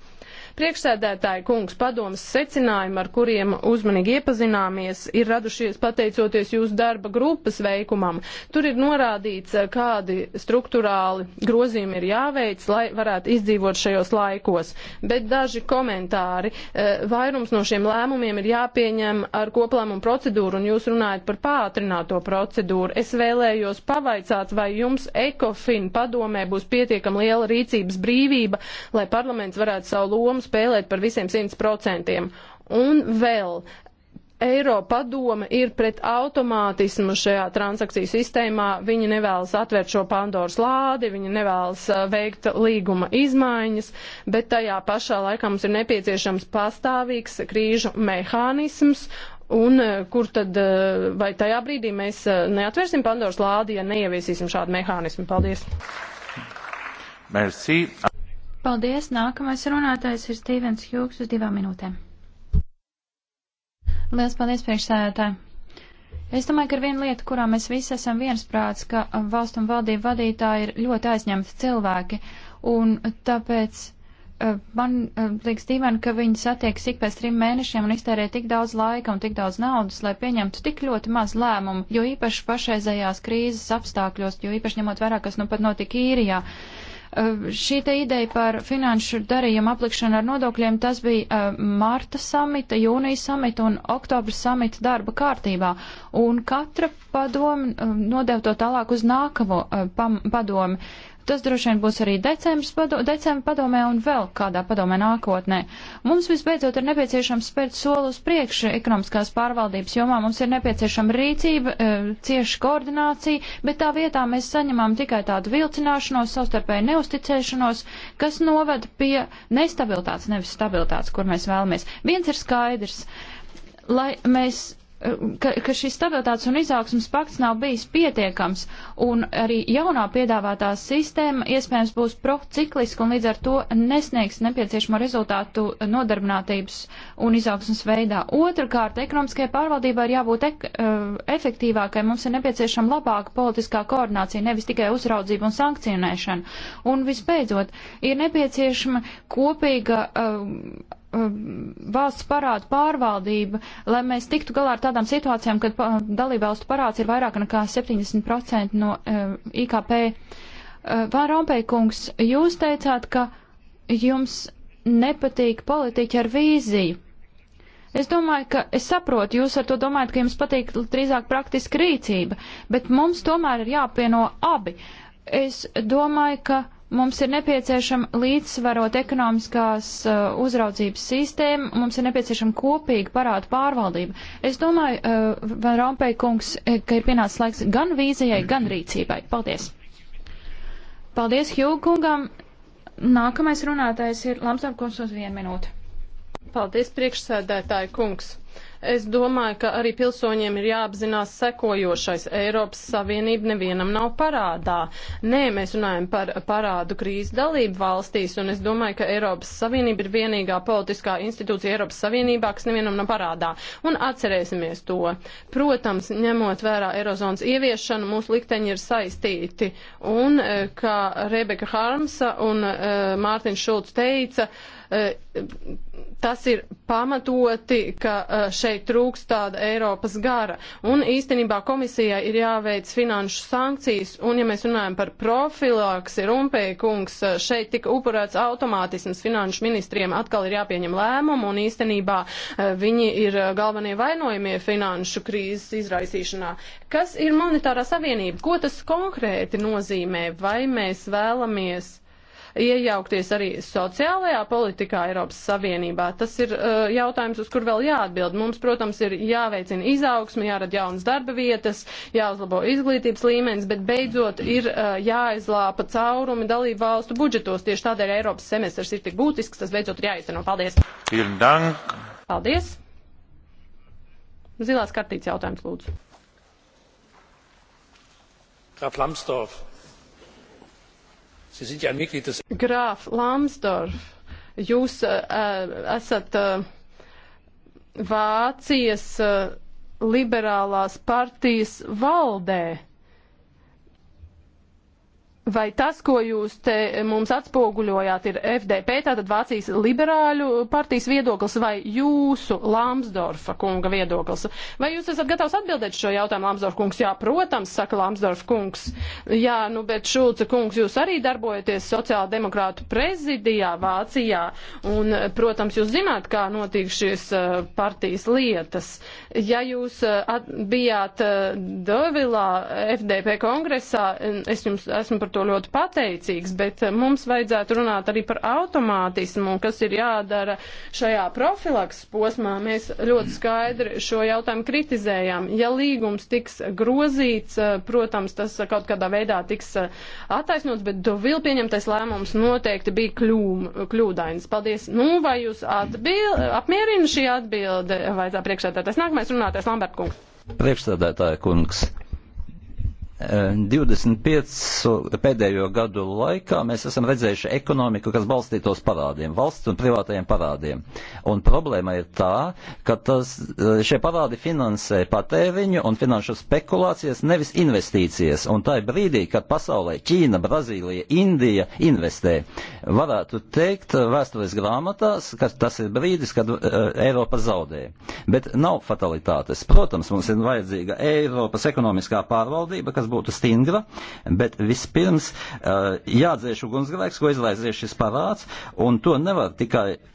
Priekšsēdētāji kungs padomas secinājumi, ar kuriem uzmanīgi iepazināmies, ir radušies pateicoties jūsu darba grupas veikumam. Tur ir norādīts, kādi struktūrāli grozījumi ir jāveic, lai varētu izdzīvot šajos laikos. Bet daži komentāri. Eh, vairums no šiem lēmumiem ir jāpieņem ar koplēmumu procedūru, un jūs runājat par pātrināto procedūru. Es vēlējos pavaicāt, vai jums ECOFIN padomē būs pietiekam liela rīcības brīvība, lai parlaments varētu savu lomu spēlēt par visiem 100%. Un vēl Eiropa padoma ir pret automātismu šajā transakciju sistēmā. Viņi nevēlas atvērt šo Pandoras lādi, viņi nevēlas uh, veikt līguma izmaiņas, bet tajā pašā laikā mums ir nepieciešams pastāvīgs krīžu mehānisms. Un uh, kur tad, uh, vai tajā brīdī mēs neatvērsim Pandoras lādi, ja neieviesīsim šādu mehānismu? Paldies! Merci. Paldies. Nākamais runātājs ir Stīvens Hjūks uz divām minūtēm. Lielas paldies, priekšsēdētāji. Es domāju, ka ir viena lieta, kurā mēs visi esam viensprāts, ka valstu un valdību vadītāji ir ļoti aizņemti cilvēki, un tāpēc eh, man eh, liekas dīvaini, ka viņi satiekas ik pēc trim mēnešiem un iztērē tik daudz laika un tik daudz naudas, lai pieņemtu tik ļoti maz lēmumu, jo īpaši pašreizējās krīzes apstākļos, jo īpaši ņemot vērā, kas nu pat notika īrijā. Ja Ehm, šī te ideja par finanšu darījumu aplikšanu ar nodokļiem, tas bija ehm, Marta samita, Jūnija samita un Oktobra samita darba kārtībā. Un katra padoma ehm, nodev to tālāk uz nākamo padomu. Tas droši vien būs arī decembra decembr padomē un vēl kādā padomē nākotnē. Mums visbeidzot ir nepieciešams spērt soli uz priekšu ekonomiskās pārvaldības jomā. Mums ir nepieciešama rīcība, e, cieša koordinācija, bet tā vietā mēs saņemam tikai tādu vilcināšanos, savstarpēju neusticēšanos, kas noved pie nestabilitātes, nevis stabilitātes, kur mēs vēlamies. Viens ir skaidrs, lai mēs ka, ka šis stabilitātes un izaugsmas pakts nav bijis pietiekams, un arī jaunā piedāvātā sistēma iespējams būs procikliska un līdz ar to nesniegs nepieciešamo rezultātu nodarbinātības un izaugsmas veidā. Otrakārt, ekonomiskajai pārvaldībai ir jābūt ek, uh, efektīvākai, mums ir nepieciešama labāka politiskā koordinācija, nevis tikai uzraudzība un sankcionēšana. Un visbeidzot, ir nepieciešama kopīga. Uh, Um, valsts parādu pārvaldība, lai mēs tiktu galā ar tādām situācijām, kad uh, dalībvalstu parāds ir vairāk nekā 70% no uh, IKP. Uh, Van Rompēkungs, jūs teicāt, ka jums nepatīk politiķi ar vīziju. Es domāju, ka es saprotu, jūs ar to domājat, ka jums patīk drīzāk praktiska rīcība, bet mums tomēr ir jāpieno abi. Es domāju, ka Mums ir nepieciešama līdzsvarot ekonomiskās uh, uzraudzības sistēma, mums ir nepieciešama kopīga parāda pārvaldība. Es domāju, uh, Van Rompēj kungs, eh, ka ir pienācis laiks gan vīzijai, gan rīcībai. Paldies! Paldies Hjūgungam! Nākamais runātājs ir Lamsdorf kungs uz vienu minūtu. Paldies, priekšsēdētāji kungs! Es domāju, ka arī pilsoņiem ir jāapzinās sekojošais. Eiropas Savienība nevienam nav parādā. Nē, mēs runājam par parādu krīzes dalību valstīs, un es domāju, ka Eiropas Savienība ir vienīgā politiskā institūcija Eiropas Savienībā, kas nevienam nav parādā. Un atcerēsimies to. Protams, ņemot vērā Eirozonas ieviešanu, mūsu likteņi ir saistīti. Un, eh, kā Rebeka Harmsa un uh, Mārtiņš Šulc teica, uh, E, tas ir pamatoti, ka e, šeit trūks tāda Eiropas gara. Un īstenībā komisijai ir jāveic finanšu sankcijas, un ja mēs runājam par profilaksi, rumpēkungs, e, šeit tika upurēts automātisms finanšu ministriem, atkal ir jāpieņem lēmumu, un īstenībā viņi ir galvenie vainojumie finanšu krīzes izraisīšanā. Kas ir monetārā savienība? Ko tas konkrēti nozīmē? Vai mēs vēlamies iejaukties arī sociālajā politikā Eiropas Savienībā. Tas ir uh, jautājums, uz kur vēl jāatbild. Mums, protams, ir jāveicina izaugsme, jārada jaunas darba vietas, jāuzlabo izglītības līmenis, bet beidzot ir uh, jāizlāpa caurumi dalību valstu budžetos. Tieši tādēļ Eiropas semestrs ir tik būtisks, tas beidzot ir jāizteno. Paldies! Paldies! Zilās kartītes jautājums, lūdzu. Graf Lambsdorff Sie sind ja ein Mitglied des. Graf Lambsdorff, jūs uh, esat uh, Vācijas uh, liberālās partijas valdē. Vai tas, ko jūs te mums atspoguļojāt, ir FDP, tātad Vācijas liberāļu partijas viedoklis vai jūsu Lamsdorfa kunga viedoklis? Vai jūs esat gatavs atbildēt šo jautājumu, Lamsdorfa kungs? Jā, protams, saka Lamsdorfa kungs. Jā, nu, bet Šulca kungs, jūs arī darbojaties sociāla demokrātu prezidijā Vācijā, un, protams, jūs zināt, kā notiek šīs eh, partijas lietas. Ja jūs eh, bijāt eh, Dovilā FDP kongresā, es jums esmu par to ļoti pateicīgs, bet eh, mums vajadzētu runāt arī par automātismu, kas ir jādara šajā profilaks posmā. Mēs ļoti skaidri šo jautājumu kritizējām. Ja līgums tiks grozīts, eh, protams, tas kaut kādā veidā tiks eh, attaisnots, bet Dovil pieņemtais lēmums noteikti bija kļūm, kļūdains. Paldies. Nu, vai jūs atbil, apmierina šī atbilde? Vajadzā priekšsēdētājs. Nākamais runātais Lambertkungs. Priekšsēdētāja kungs. 25 pēdējo gadu laikā mēs esam redzējuši ekonomiku, kas balstītos parādiem, valsts un privātajiem parādiem. Un problēma ir tā, ka tas, šie parādi finansē patēriņu un finanšu spekulācijas, nevis investīcijas. Un tā ir brīdī, kad pasaulē Ķīna, Brazīlija, Indija investē. Varētu teikt vēstures grāmatās, ka tas ir brīdis, kad uh, Eiropa zaudē. Bet nav fatalitātes. Protams, mums ir vajadzīga Eiropas ekonomiskā pārvaldība, kas būtu stingra, bet vispirms uh, jādzēš ugunsgrēks, ko izlaizies šis parāds, un to nevar tikai uh,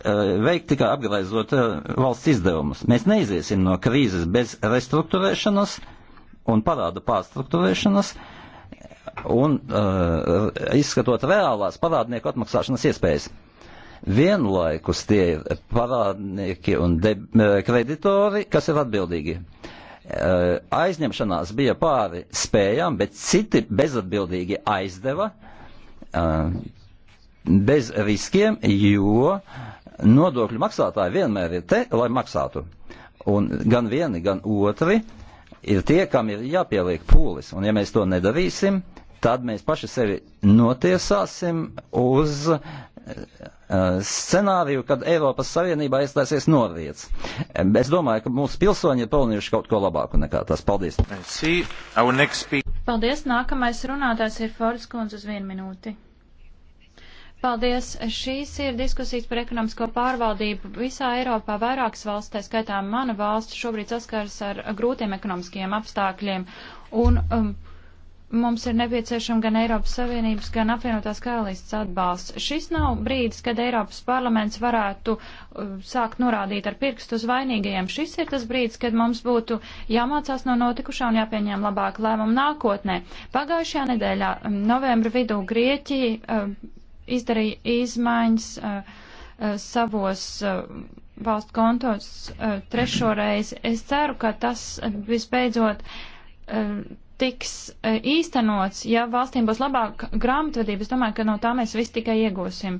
veikt tikai apgraizot uh, eh, valsts izdevumus. Mēs neiziesim no krīzes bez restruktūrēšanas un parādu pārstruktūrēšanas. Un uh, izskatot reālās parādnieku atmaksāšanas iespējas vienlaikus tie ir parādnieki un kreditori, kas ir atbildīgi. Eh, aizņemšanās bija pāri spējām, bet citi bezatbildīgi aizdeva eh, bez riskiem, jo nodokļu maksātāji vienmēr ir te, lai maksātu. Un gan vieni, gan otri ir tie, kam ir jāpieliek pūlis. Un ja mēs to nedarīsim, tad mēs paši sevi notiesāsim uz Eh, scenāriju, kad Eiropas Savienībā iestāsies Norvēģis. Es domāju, ka mūsu pilsoņi ir pelnījuši kaut ko labāku nekā tas. Paldies! Paldies! Nākamais runātājs ir Fords Kunz uz vienu minūti. Paldies! Šīs ir diskusijas par ekonomisko pārvaldību. Visā Eiropā vairākas valsts, tā skaitā mana valsts, šobrīd saskars ar grūtiem ekonomiskiem apstākļiem. Un, um, mums ir nepieciešama gan Eiropas Savienības, gan apvienotās karalists atbalsts. Šis nav brīdis, kad Eiropas parlaments varētu uh, sākt norādīt ar pirkstu uz vainīgajiem. Šis ir tas brīdis, kad mums būtu jāmācās no notikušā un jāpieņem labāk lēmumu nākotnē. Pagājušajā nedēļā, um, novembra vidū, Grieķija uh, izdarīja izmaiņas uh, uh savos uh, valstu kontos uh, trešo reizi. Es ceru, ka tas visbeidzot tiks e, īstenots, ja valstīm būs labāka grāmatvedība, es domāju, ka no tā mēs visi tikai iegūsim.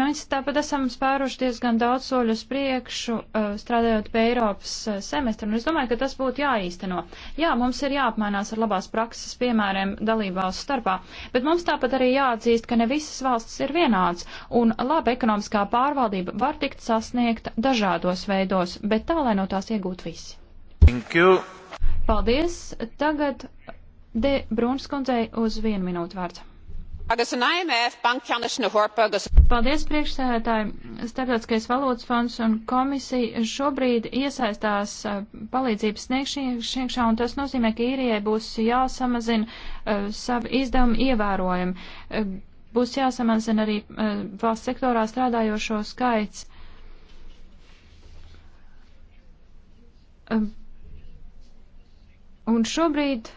Mēs tāpat esam spēruši diezgan daudz soļus priekšu, e, strādājot pie Eiropas e, semestra, un es domāju, ka tas būtu jāīsteno. Jā, mums ir jāapmainās ar labās prakses piemēriem dalībvalstu starpā, bet mums tāpat arī jāatzīst, ka ne visas valstis ir vienāds, un laba ekonomiskā pārvaldība var tikt sasniegta dažādos veidos, bet tā, lai no tās iegūtu visi. Thank you. Paldies. Tagad De Brunskundzei uz vienu minūtu vārds. Paldies priekšsēdētāji. Starptautiskais valūtas fonds un komisija šobrīd iesaistās uh, palīdzības sniegšanā, un tas nozīmē, ka īrijai būs jāsamazina uh, savu izdevumu ievērojami. Uh, būs jāsamazina arī uh, valsts sektorā strādājošo skaits. Uh, Un šobrīd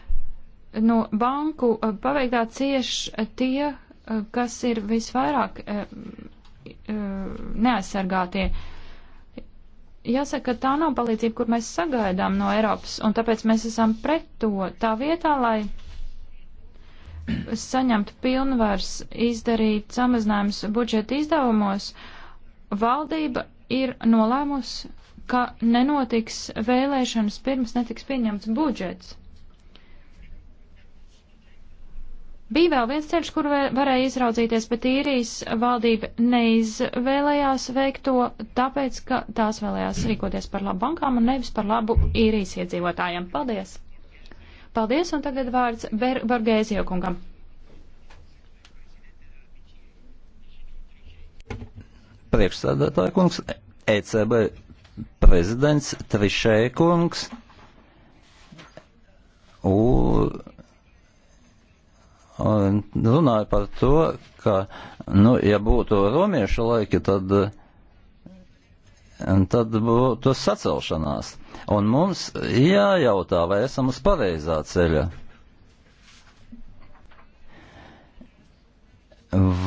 no banku eh, paveiktā cieš eh, tie, eh, kas ir visvairāk neaizsargātie. Jāsaka, tā nav palīdzība, kur mēs sagaidām no Eiropas, un tāpēc mēs esam pret to tā vietā, lai saņemtu pilnvars izdarīt samazinājums budžeta izdevumos. Valdība ir nolēmusi ka nenotiks vēlēšanas pirms netiks pieņemts budžets. Bija vēl viens ceļš, kur varēja izraudzīties, bet īrijas valdība neizvēlējās veikt to, tāpēc, ka tās vēlējās rīkoties par labu bankām un nevis par labu īrijas iedzīvotājiem. Paldies! Paldies, un tagad vārds Ber Bargēzija kungam. Priekšstādātāja kungs, ECB prezidents Trišēkungs un runāja par to, ka, nu, ja būtu romiešu laiki, tad, tad būtu sacelšanās. Un mums jājautā, vai esam uz pareizā ceļa.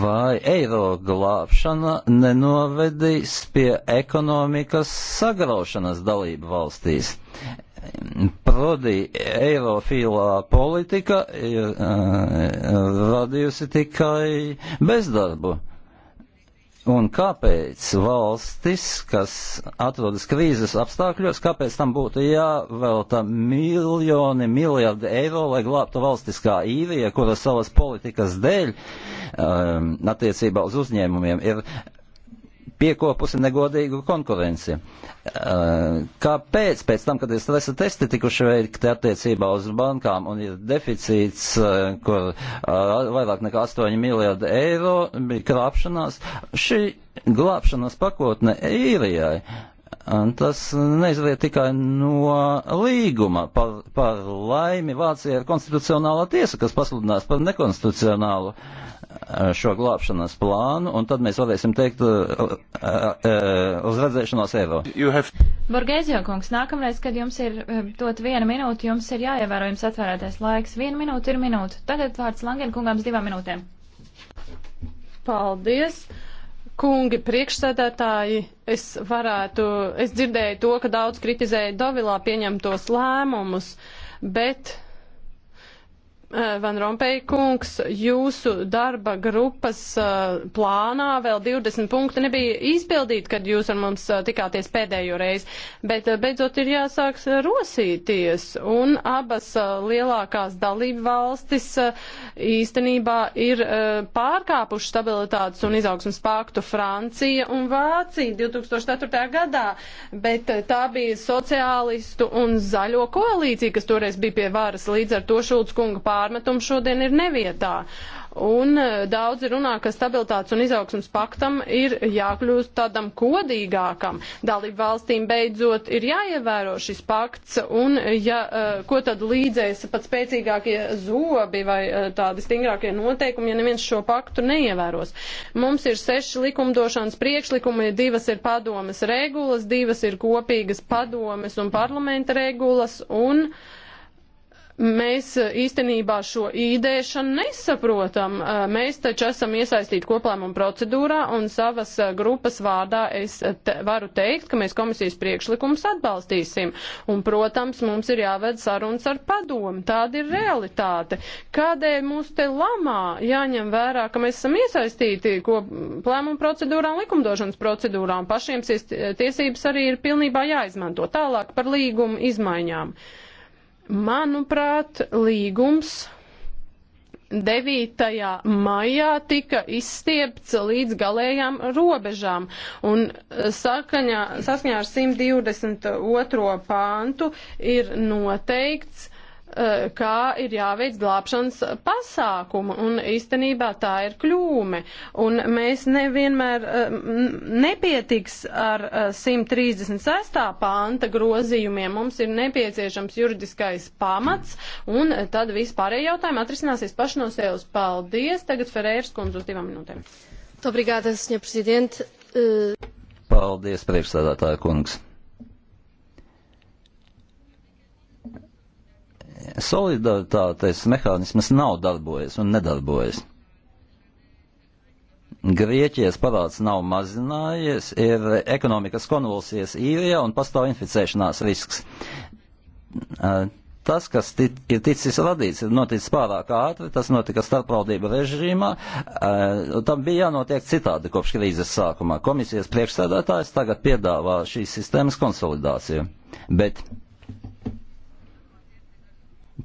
Vai eiro glābšana nenovedīs pie ekonomikas sagraušanas dalību valstīs? Prodi eirofīlā politika ir uh, radījusi tikai bezdarbu. Un kāpēc valstis, kas atrodas krīzes apstākļos, kāpēc tam būtu jāvelta miljoni, miljardi eiro, lai glābtu valstis kā īrija, kuras savas politikas dēļ um, attiecībā uz uzņēmumiem ir piekopusi negodīgu konkurenci. Eh, kāpēc pēc tam, kad ir stresa testi tikuši veikti attiecībā uz bankām un ir deficīts, eh, kur eh, vairāk nekā 8 miljardi eiro bija krāpšanās, šī glābšanas pakotne īrijai Un tas neizriet tikai no līguma. Par, par laimi Vācija ir konstitucionālā tiesa, kas pasludinās par nekonstitucionālu. Eh, šo glābšanas plānu, un tad mēs varēsim teikt uh, uh, uz redzēšanos eiro. Have... Borgēzio kungs, nākamreiz, kad jums ir dot viena minūte, jums ir jāievēro jums atvērētais laiks. Viena minūte ir minūte. Tagad vārds Langen kungām uz divām minūtēm. Paldies! kungi priekšsēdētāji, es varētu, es dzirdēju to, ka daudz kritizēja Dovilā pieņemtos lēmumus, bet Eh, Van Rompēja kungs, jūsu darba grupas eh, plānā vēl 20 punkti nebija izpildīti, kad jūs ar mums eh, tikāties pēdējo reizi, bet beidzot ir jāsāks rosīties, un abas lielākās dalību valstis īstenībā ir pārkāpuši stabilitātes un izaugsmas paktu Francija un Vācija 2004. gadā, bet tā bija sociālistu un zaļo koalīcija, kas toreiz bija pie varas, līdz ar to Šulc kunga pārkāpumu pārmetums šodien ir nevietā. Un eh, daudzi runā, ka stabilitātes un izaugsmas paktam ir jākļūst tādam kodīgākam. Dalību valstīm beidzot ir jāievēro šis pakts, un ja, eh, ko tad līdzēs pat spēcīgākie zobi vai eh, tādi stingrākie noteikumi, ja neviens šo paktu neievēros. Mums ir seši likumdošanas priekšlikumi, divas ir padomas regulas, divas ir kopīgas padomas un parlamenta regulas, un uh, mēs e, īstenībā šo īdēšanu nesaprotam. E, mēs taču esam iesaistīti koplēmuma procedūrā un savas e, grupas vārdā es te varu teikt, ka mēs komisijas priekšlikumus atbalstīsim. Un, protams, mums ir jāved sarunas ar padomu. Tāda ir realitāte. Kādēļ mūs te lamā jāņem vērā, ka mēs esam iesaistīti koplēmuma procedūrā un likumdošanas procedūrā un pašiem tiesības arī ir pilnībā jāizmanto. Tālāk par līgumu izmaiņām. Yeah. Manuprāt, līgums 9. maijā tika izstiepts līdz galējām robežām. Un sakaņā, saskaņā ar 122. pāntu ir noteikts, Eh, kā ir jāveic glābšanas pasākumu, un īstenībā tā ir kļūme. Un mēs nevienmēr eh, nepietiks ar 136. Eh, panta grozījumiem, mums ir nepieciešams juridiskais pamats, un tad vispārējie jautājumi atrisināsies paši no sevis. Paldies! Tagad Ferērs kundze uz divām minūtēm. Obrigada, senhor presidente. Paldies, priekšstādātāja kungs. solidaritātes mehānismas nav darbojies un nedarbojies. Grieķijas parāds nav mazinājies, ir ekonomikas konvulsijas īrijā un pastāv inficēšanās risks. Tas, kas tit, ir ticis radīts, ir noticis pārāk ātri, tas notika starpvaldību režīmā, tam bija jānotiek citādi kopš krīzes sākumā. Komisijas priekšsēdētājs tagad piedāvā šīs sistēmas konsolidāciju, bet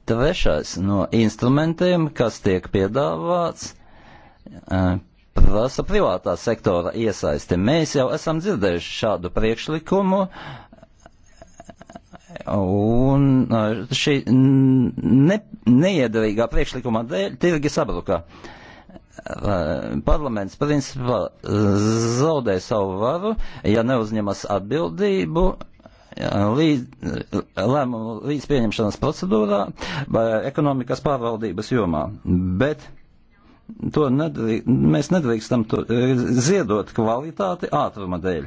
Trešais no instrumentiem, kas tiek piedāvāts, e, prasa privātā sektora iesaisti. Mēs jau esam dzirdējuši šādu priekšlikumu, un e, šī ne, neiedarīgā priekšlikuma dēļ tirgi sabruka. E, parlaments principā zaudē savu varu, ja neuzņemas atbildību līdz, lēmumu līdz pieņemšanas procedūrā vai ekonomikas pārvaldības jomā. Bet to nedrīk, mēs nedrīkstam to, e, ziedot kvalitāti ātruma dēļ.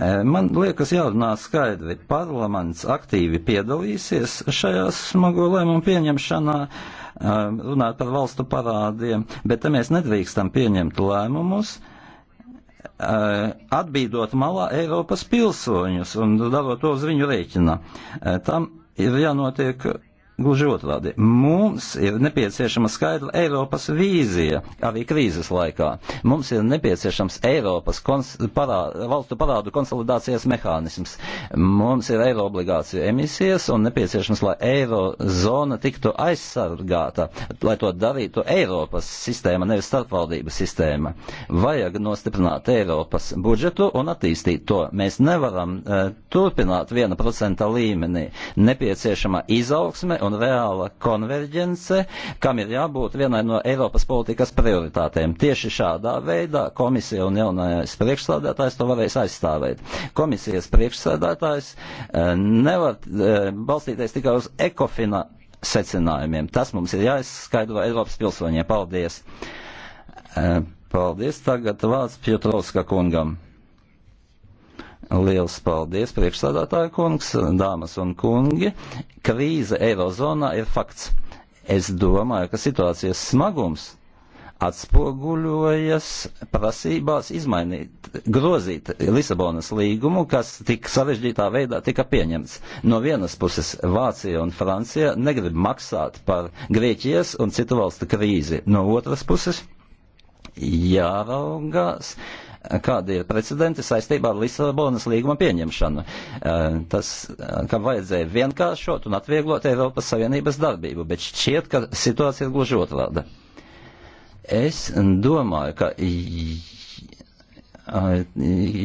E, man liekas, jārunā skaidri, parlaments aktīvi piedalīsies šajā smago lēmumu pieņemšanā, e, runāt par valstu parādiem, bet te mēs nedrīkstam pieņemt lēmumus, uh, Uh, atbīdot malā Eiropas pilsoņus un darot to uz viņu rēķina. Uh, tam ir jānotiek Gluži otrādi, mums ir nepieciešama skaidra Eiropas vīzija arī krīzes laikā. Mums ir nepieciešams Eiropas kons, parā, valstu parādu konsolidācijas mehānisms. Mums ir eiro obligāciju emisijas un nepieciešams, lai eirozona tiktu aizsargāta, lai to darītu Eiropas sistēma, nevis starpvaldības sistēma. Vajag nostiprināt Eiropas budžetu un attīstīt to. Mēs nevaram uh, turpināt 1% līmenī. Nepieciešama izaugsme un un reāla konverģence, kam ir jābūt vienai no Eiropas politikas prioritātēm. Tieši šādā veidā komisija un jaunais priekšsādātājs to varēs aizstāvēt. Komisijas priekšsādātājs eh, nevar eh, balstīties tikai uz ekofina secinājumiem. Tas mums ir jāizskaidro Eiropas pilsoņiem. Paldies! Eh, paldies! Tagad vārds Pietrovska kungam. Liels paldies, priekšsādātāja kungs, dāmas un kungi. Krīze Eirozonā ir fakts. Es domāju, ka situācijas smagums atspoguļojas prasībās izmainīt, grozīt Lisabonas līgumu, kas tik sarežģītā veidā tika pieņemts. No vienas puses Vācija un Francija negrib maksāt par Grieķijas un citu valstu krīzi. No otras puses jāraugās kādi ir precedenti saistībā ar Lisabonas līguma pieņemšanu. Eh, tas, eh, ka vajadzēja vienkāršot un atvieglot Eiropas Savienības darbību, bet šķiet, ka situācija ir gluži otrāda. Es domāju, ka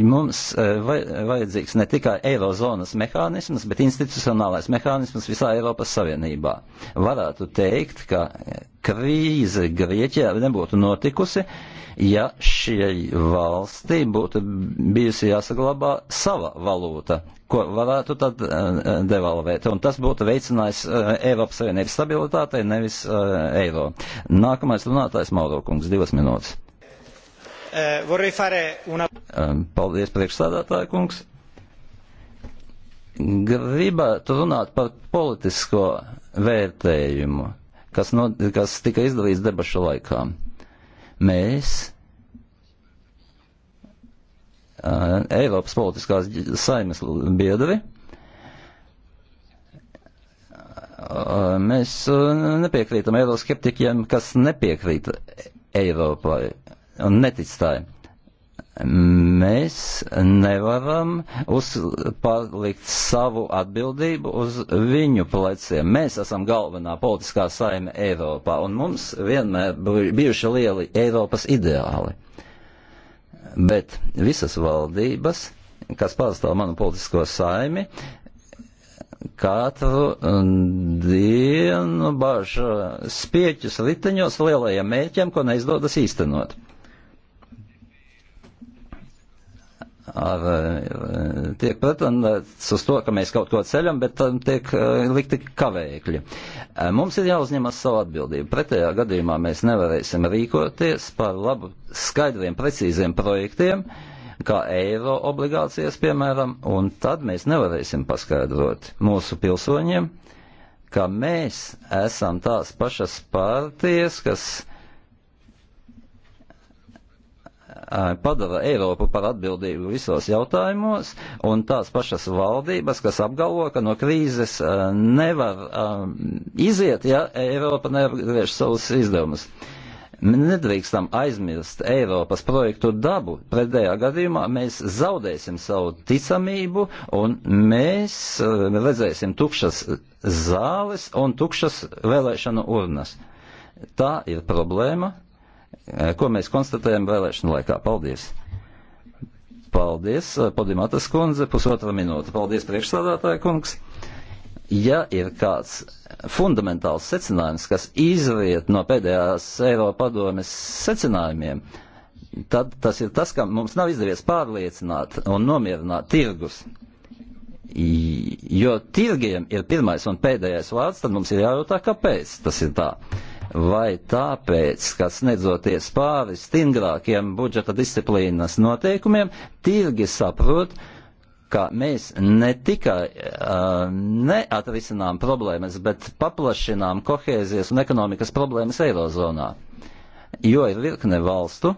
mums eh, vajadzīgs ne tikai eirozonas mehānisms, bet institucionālais mehānisms visā Eiropas Savienībā. Varētu teikt, ka krīze Grieķijā nebūtu notikusi, ja šie valstī būtu bijusi jāsaglabā sava valūta, ko varētu tad eh, eh, devalvēt, un tas būtu veicinājis eh, Eiropas Savienības stabilitātei, nevis eiro. Nākamais runātājs Mauro kungs, divas minūtes. Paldies, priekšstādātāja kungs gribētu runāt par politisko vērtējumu, kas, no, kas tika izdarīts debašu laikā mēs Eiropas politiskās saimes biedri. Mēs nepiekrītam eiroskeptiķiem, kas nepiekrīt Eiropai un netic tai. Mēs nevaram uzpalikt savu atbildību uz viņu pleciem. Mēs esam galvenā politiskā saime Eiropā, un mums vienmēr bijuši lieli Eiropas ideāli. Bet visas valdības, kas pārstāv manu politisko saimi, katru dienu bažu spieķus riteņos lielajiem mērķiem, ko neizdodas īstenot. ar, eh, tiek pretendēts uz to, ka mēs kaut ko ceļam, bet tam tiek eh, likti kavēkļi. Eh, mums ir jāuzņemas savu atbildību. Pretējā gadījumā mēs nevarēsim rīkoties par labu skaidriem, precīziem projektiem, kā eiro obligācijas, piemēram, un tad mēs nevarēsim paskaidrot mūsu pilsoņiem, ka mēs esam tās pašas partijas, kas padara Eiropu par atbildību visos jautājumos, un tās pašas valdības, kas apgalvo, ka no krīzes nevar iziet, ja Eiropa neapgriež savus izdevumus. Nedrīkstam aizmirst Eiropas projektu dabu. Pretējā gadījumā mēs zaudēsim savu ticamību un mēs redzēsim tukšas zāles un tukšas vēlēšanu urnas. Tā ir problēma, Eh, ko mēs konstatējam vēlēšanu laikā. Paldies! Paldies, eh, Podimatas kundze, pusotra minūte. Paldies, priekšstādātāja kungs! ja ir kāds fundamentāls secinājums, kas izriet no pēdējās Eiropa padomes secinājumiem, tad tas ir tas, ka mums nav izdevies pārliecināt un nomierināt tirgus. Jo tirgiem ir pirmais un pēdējais vārds, tad mums ir jājautā, kāpēc tas ir tā. Uh, vai tāpēc, ka sniedzoties pāri stingrākiem budžeta disciplīnas noteikumiem, tirgi saprot, ka mēs ne tikai uh, neatrisinām problēmas, bet paplašinām kohēzijas un ekonomikas problēmas Eirozonā. Jo ir virkne valstu,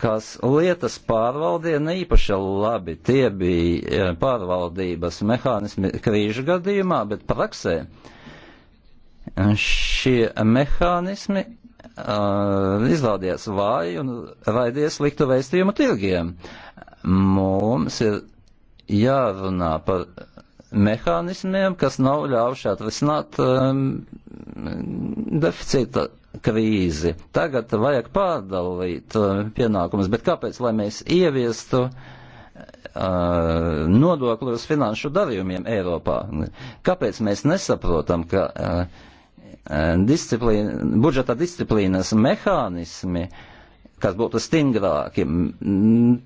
kas lietas pārvaldīja neīpaši labi. Tie bija pārvaldības mehānismi krīžu gadījumā, bet praksē uh, Šie mehānismi uh, izrādījās vāji un raidīja sliktu vēstījumu tirgiem. Mums ir jārunā par mehānismiem, kas nav ļāvuši atrisināt um, deficīta krīzi. Tagad vajag pārdalīt um, pienākumus, bet kāpēc, lai mēs ieviestu uh, nodokli uz finanšu darījumiem Eiropā? Kāpēc mēs nesaprotam, ka uh, Eh, disciplīna, budžeta disciplīnas mehānismi, kas būtu stingrāki,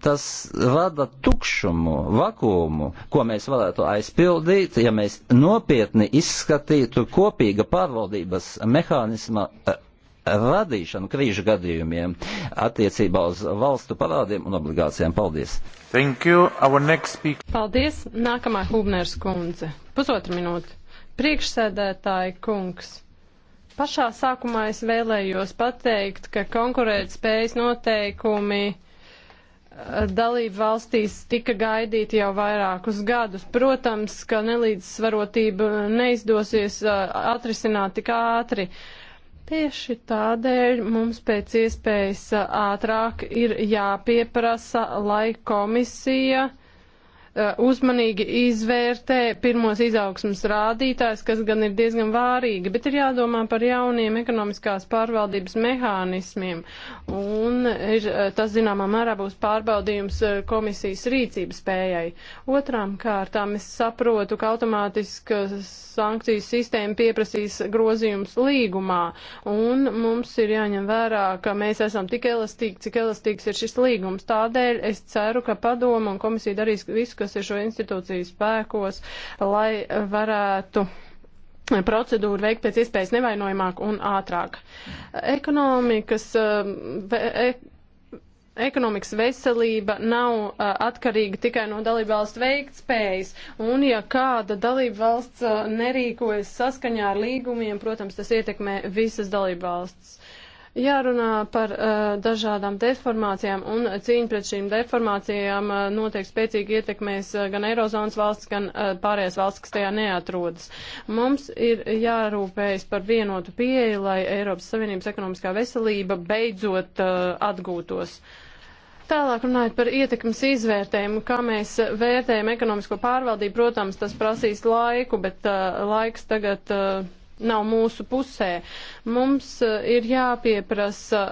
tas rada tukšumu, vakumu, ko mēs varētu aizpildīt, ja mēs nopietni izskatītu kopīga pārvaldības mehānisma eh, radīšanu krīžu gadījumiem attiecībā uz valstu parādiem un obligācijām. Paldies! Thank you. Our next speaker. Paldies! Nākamā Hubners kundze. Pusotra minūte. Priekšsēdētāji kungs. Pašā sākumā es vēlējos pateikt, ka konkurētspējas noteikumi eh, dalību valstīs tika gaidīti jau vairākus gadus. Protams, ka nelīdzsvarotību neizdosies eh, atrisināt tik ātri. Tieši tādēļ mums pēc iespējas ātrāk ir jāpieprasa, lai komisija uh, uzmanīgi izvērtē pirmos izaugsmas rādītājs, kas gan ir diezgan vārīgi, bet ir jādomā par jauniem ekonomiskās pārvaldības mehānismiem. Un ir, tas, zināmā mērā, būs pārbaudījums komisijas rīcības spējai. Otrām kārtām es saprotu, ka automātiska sankciju sistēma pieprasīs grozījums līgumā. Un mums ir jāņem vērā, ka mēs esam tik elastīgi, cik elastīgs ir šis līgums. Tādēļ es ceru, ka padoma un komisija darīs visu, kas kas ir šo institūciju spēkos, lai varētu procedūru veikt pēc iespējas nevainojamāk un ātrāk. Ekonomikas. Um, e ekonomikas veselība nav uh, atkarīga tikai no dalībvalstu veiktspējas, un ja kāda dalībvalsts uh, nerīkojas saskaņā ar līgumiem, protams, tas ietekmē visas dalībvalsts. Jārunā par uh, dažādām deformācijām, un cīņa pret šīm deformācijām uh, notiek spēcīgi ietekmēs uh, gan Eirozonas valsts, gan uh, pārējās valsts, kas tajā neatrodas. Mums ir jārūpējas par vienotu pieeju, lai Eiropas Savienības ekonomiskā veselība beidzot uh, atgūtos. Tālāk runājot par ietekmes izvērtējumu, kā mēs vērtējam ekonomisko pārvaldību, protams, tas prasīs laiku, bet uh, laiks tagad. Uh, nav mūsu pusē. Mums eh, ir jāpieprasa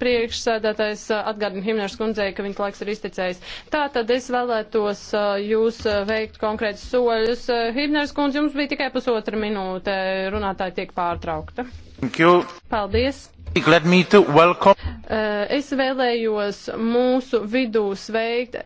priekšsēdētājs eh, atgādina Himners kundzei, ka viņas laiks ir izticējis. Tātad es vēlētos eh, jūs veikt konkrētus soļus. Himners kundze, jums bija tikai pusotra minūte, runātāji tiek pārtraukta. Paldies! Es vēlējos mūsu vidū sveikt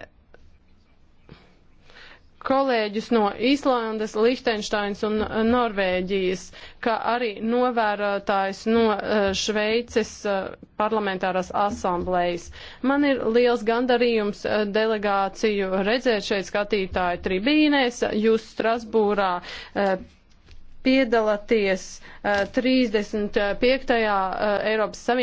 kolēģus no Īslandes, Lihtenšteins un eh, Norvēģijas, kā arī novērotājs no eh, Šveices eh, parlamentārās asamblējas. Man ir liels gandarījums delegāciju redzēt šeit skatītāju tribīnēs, jūs Strasbūrā piedalāties 35. Eiropas Savienības.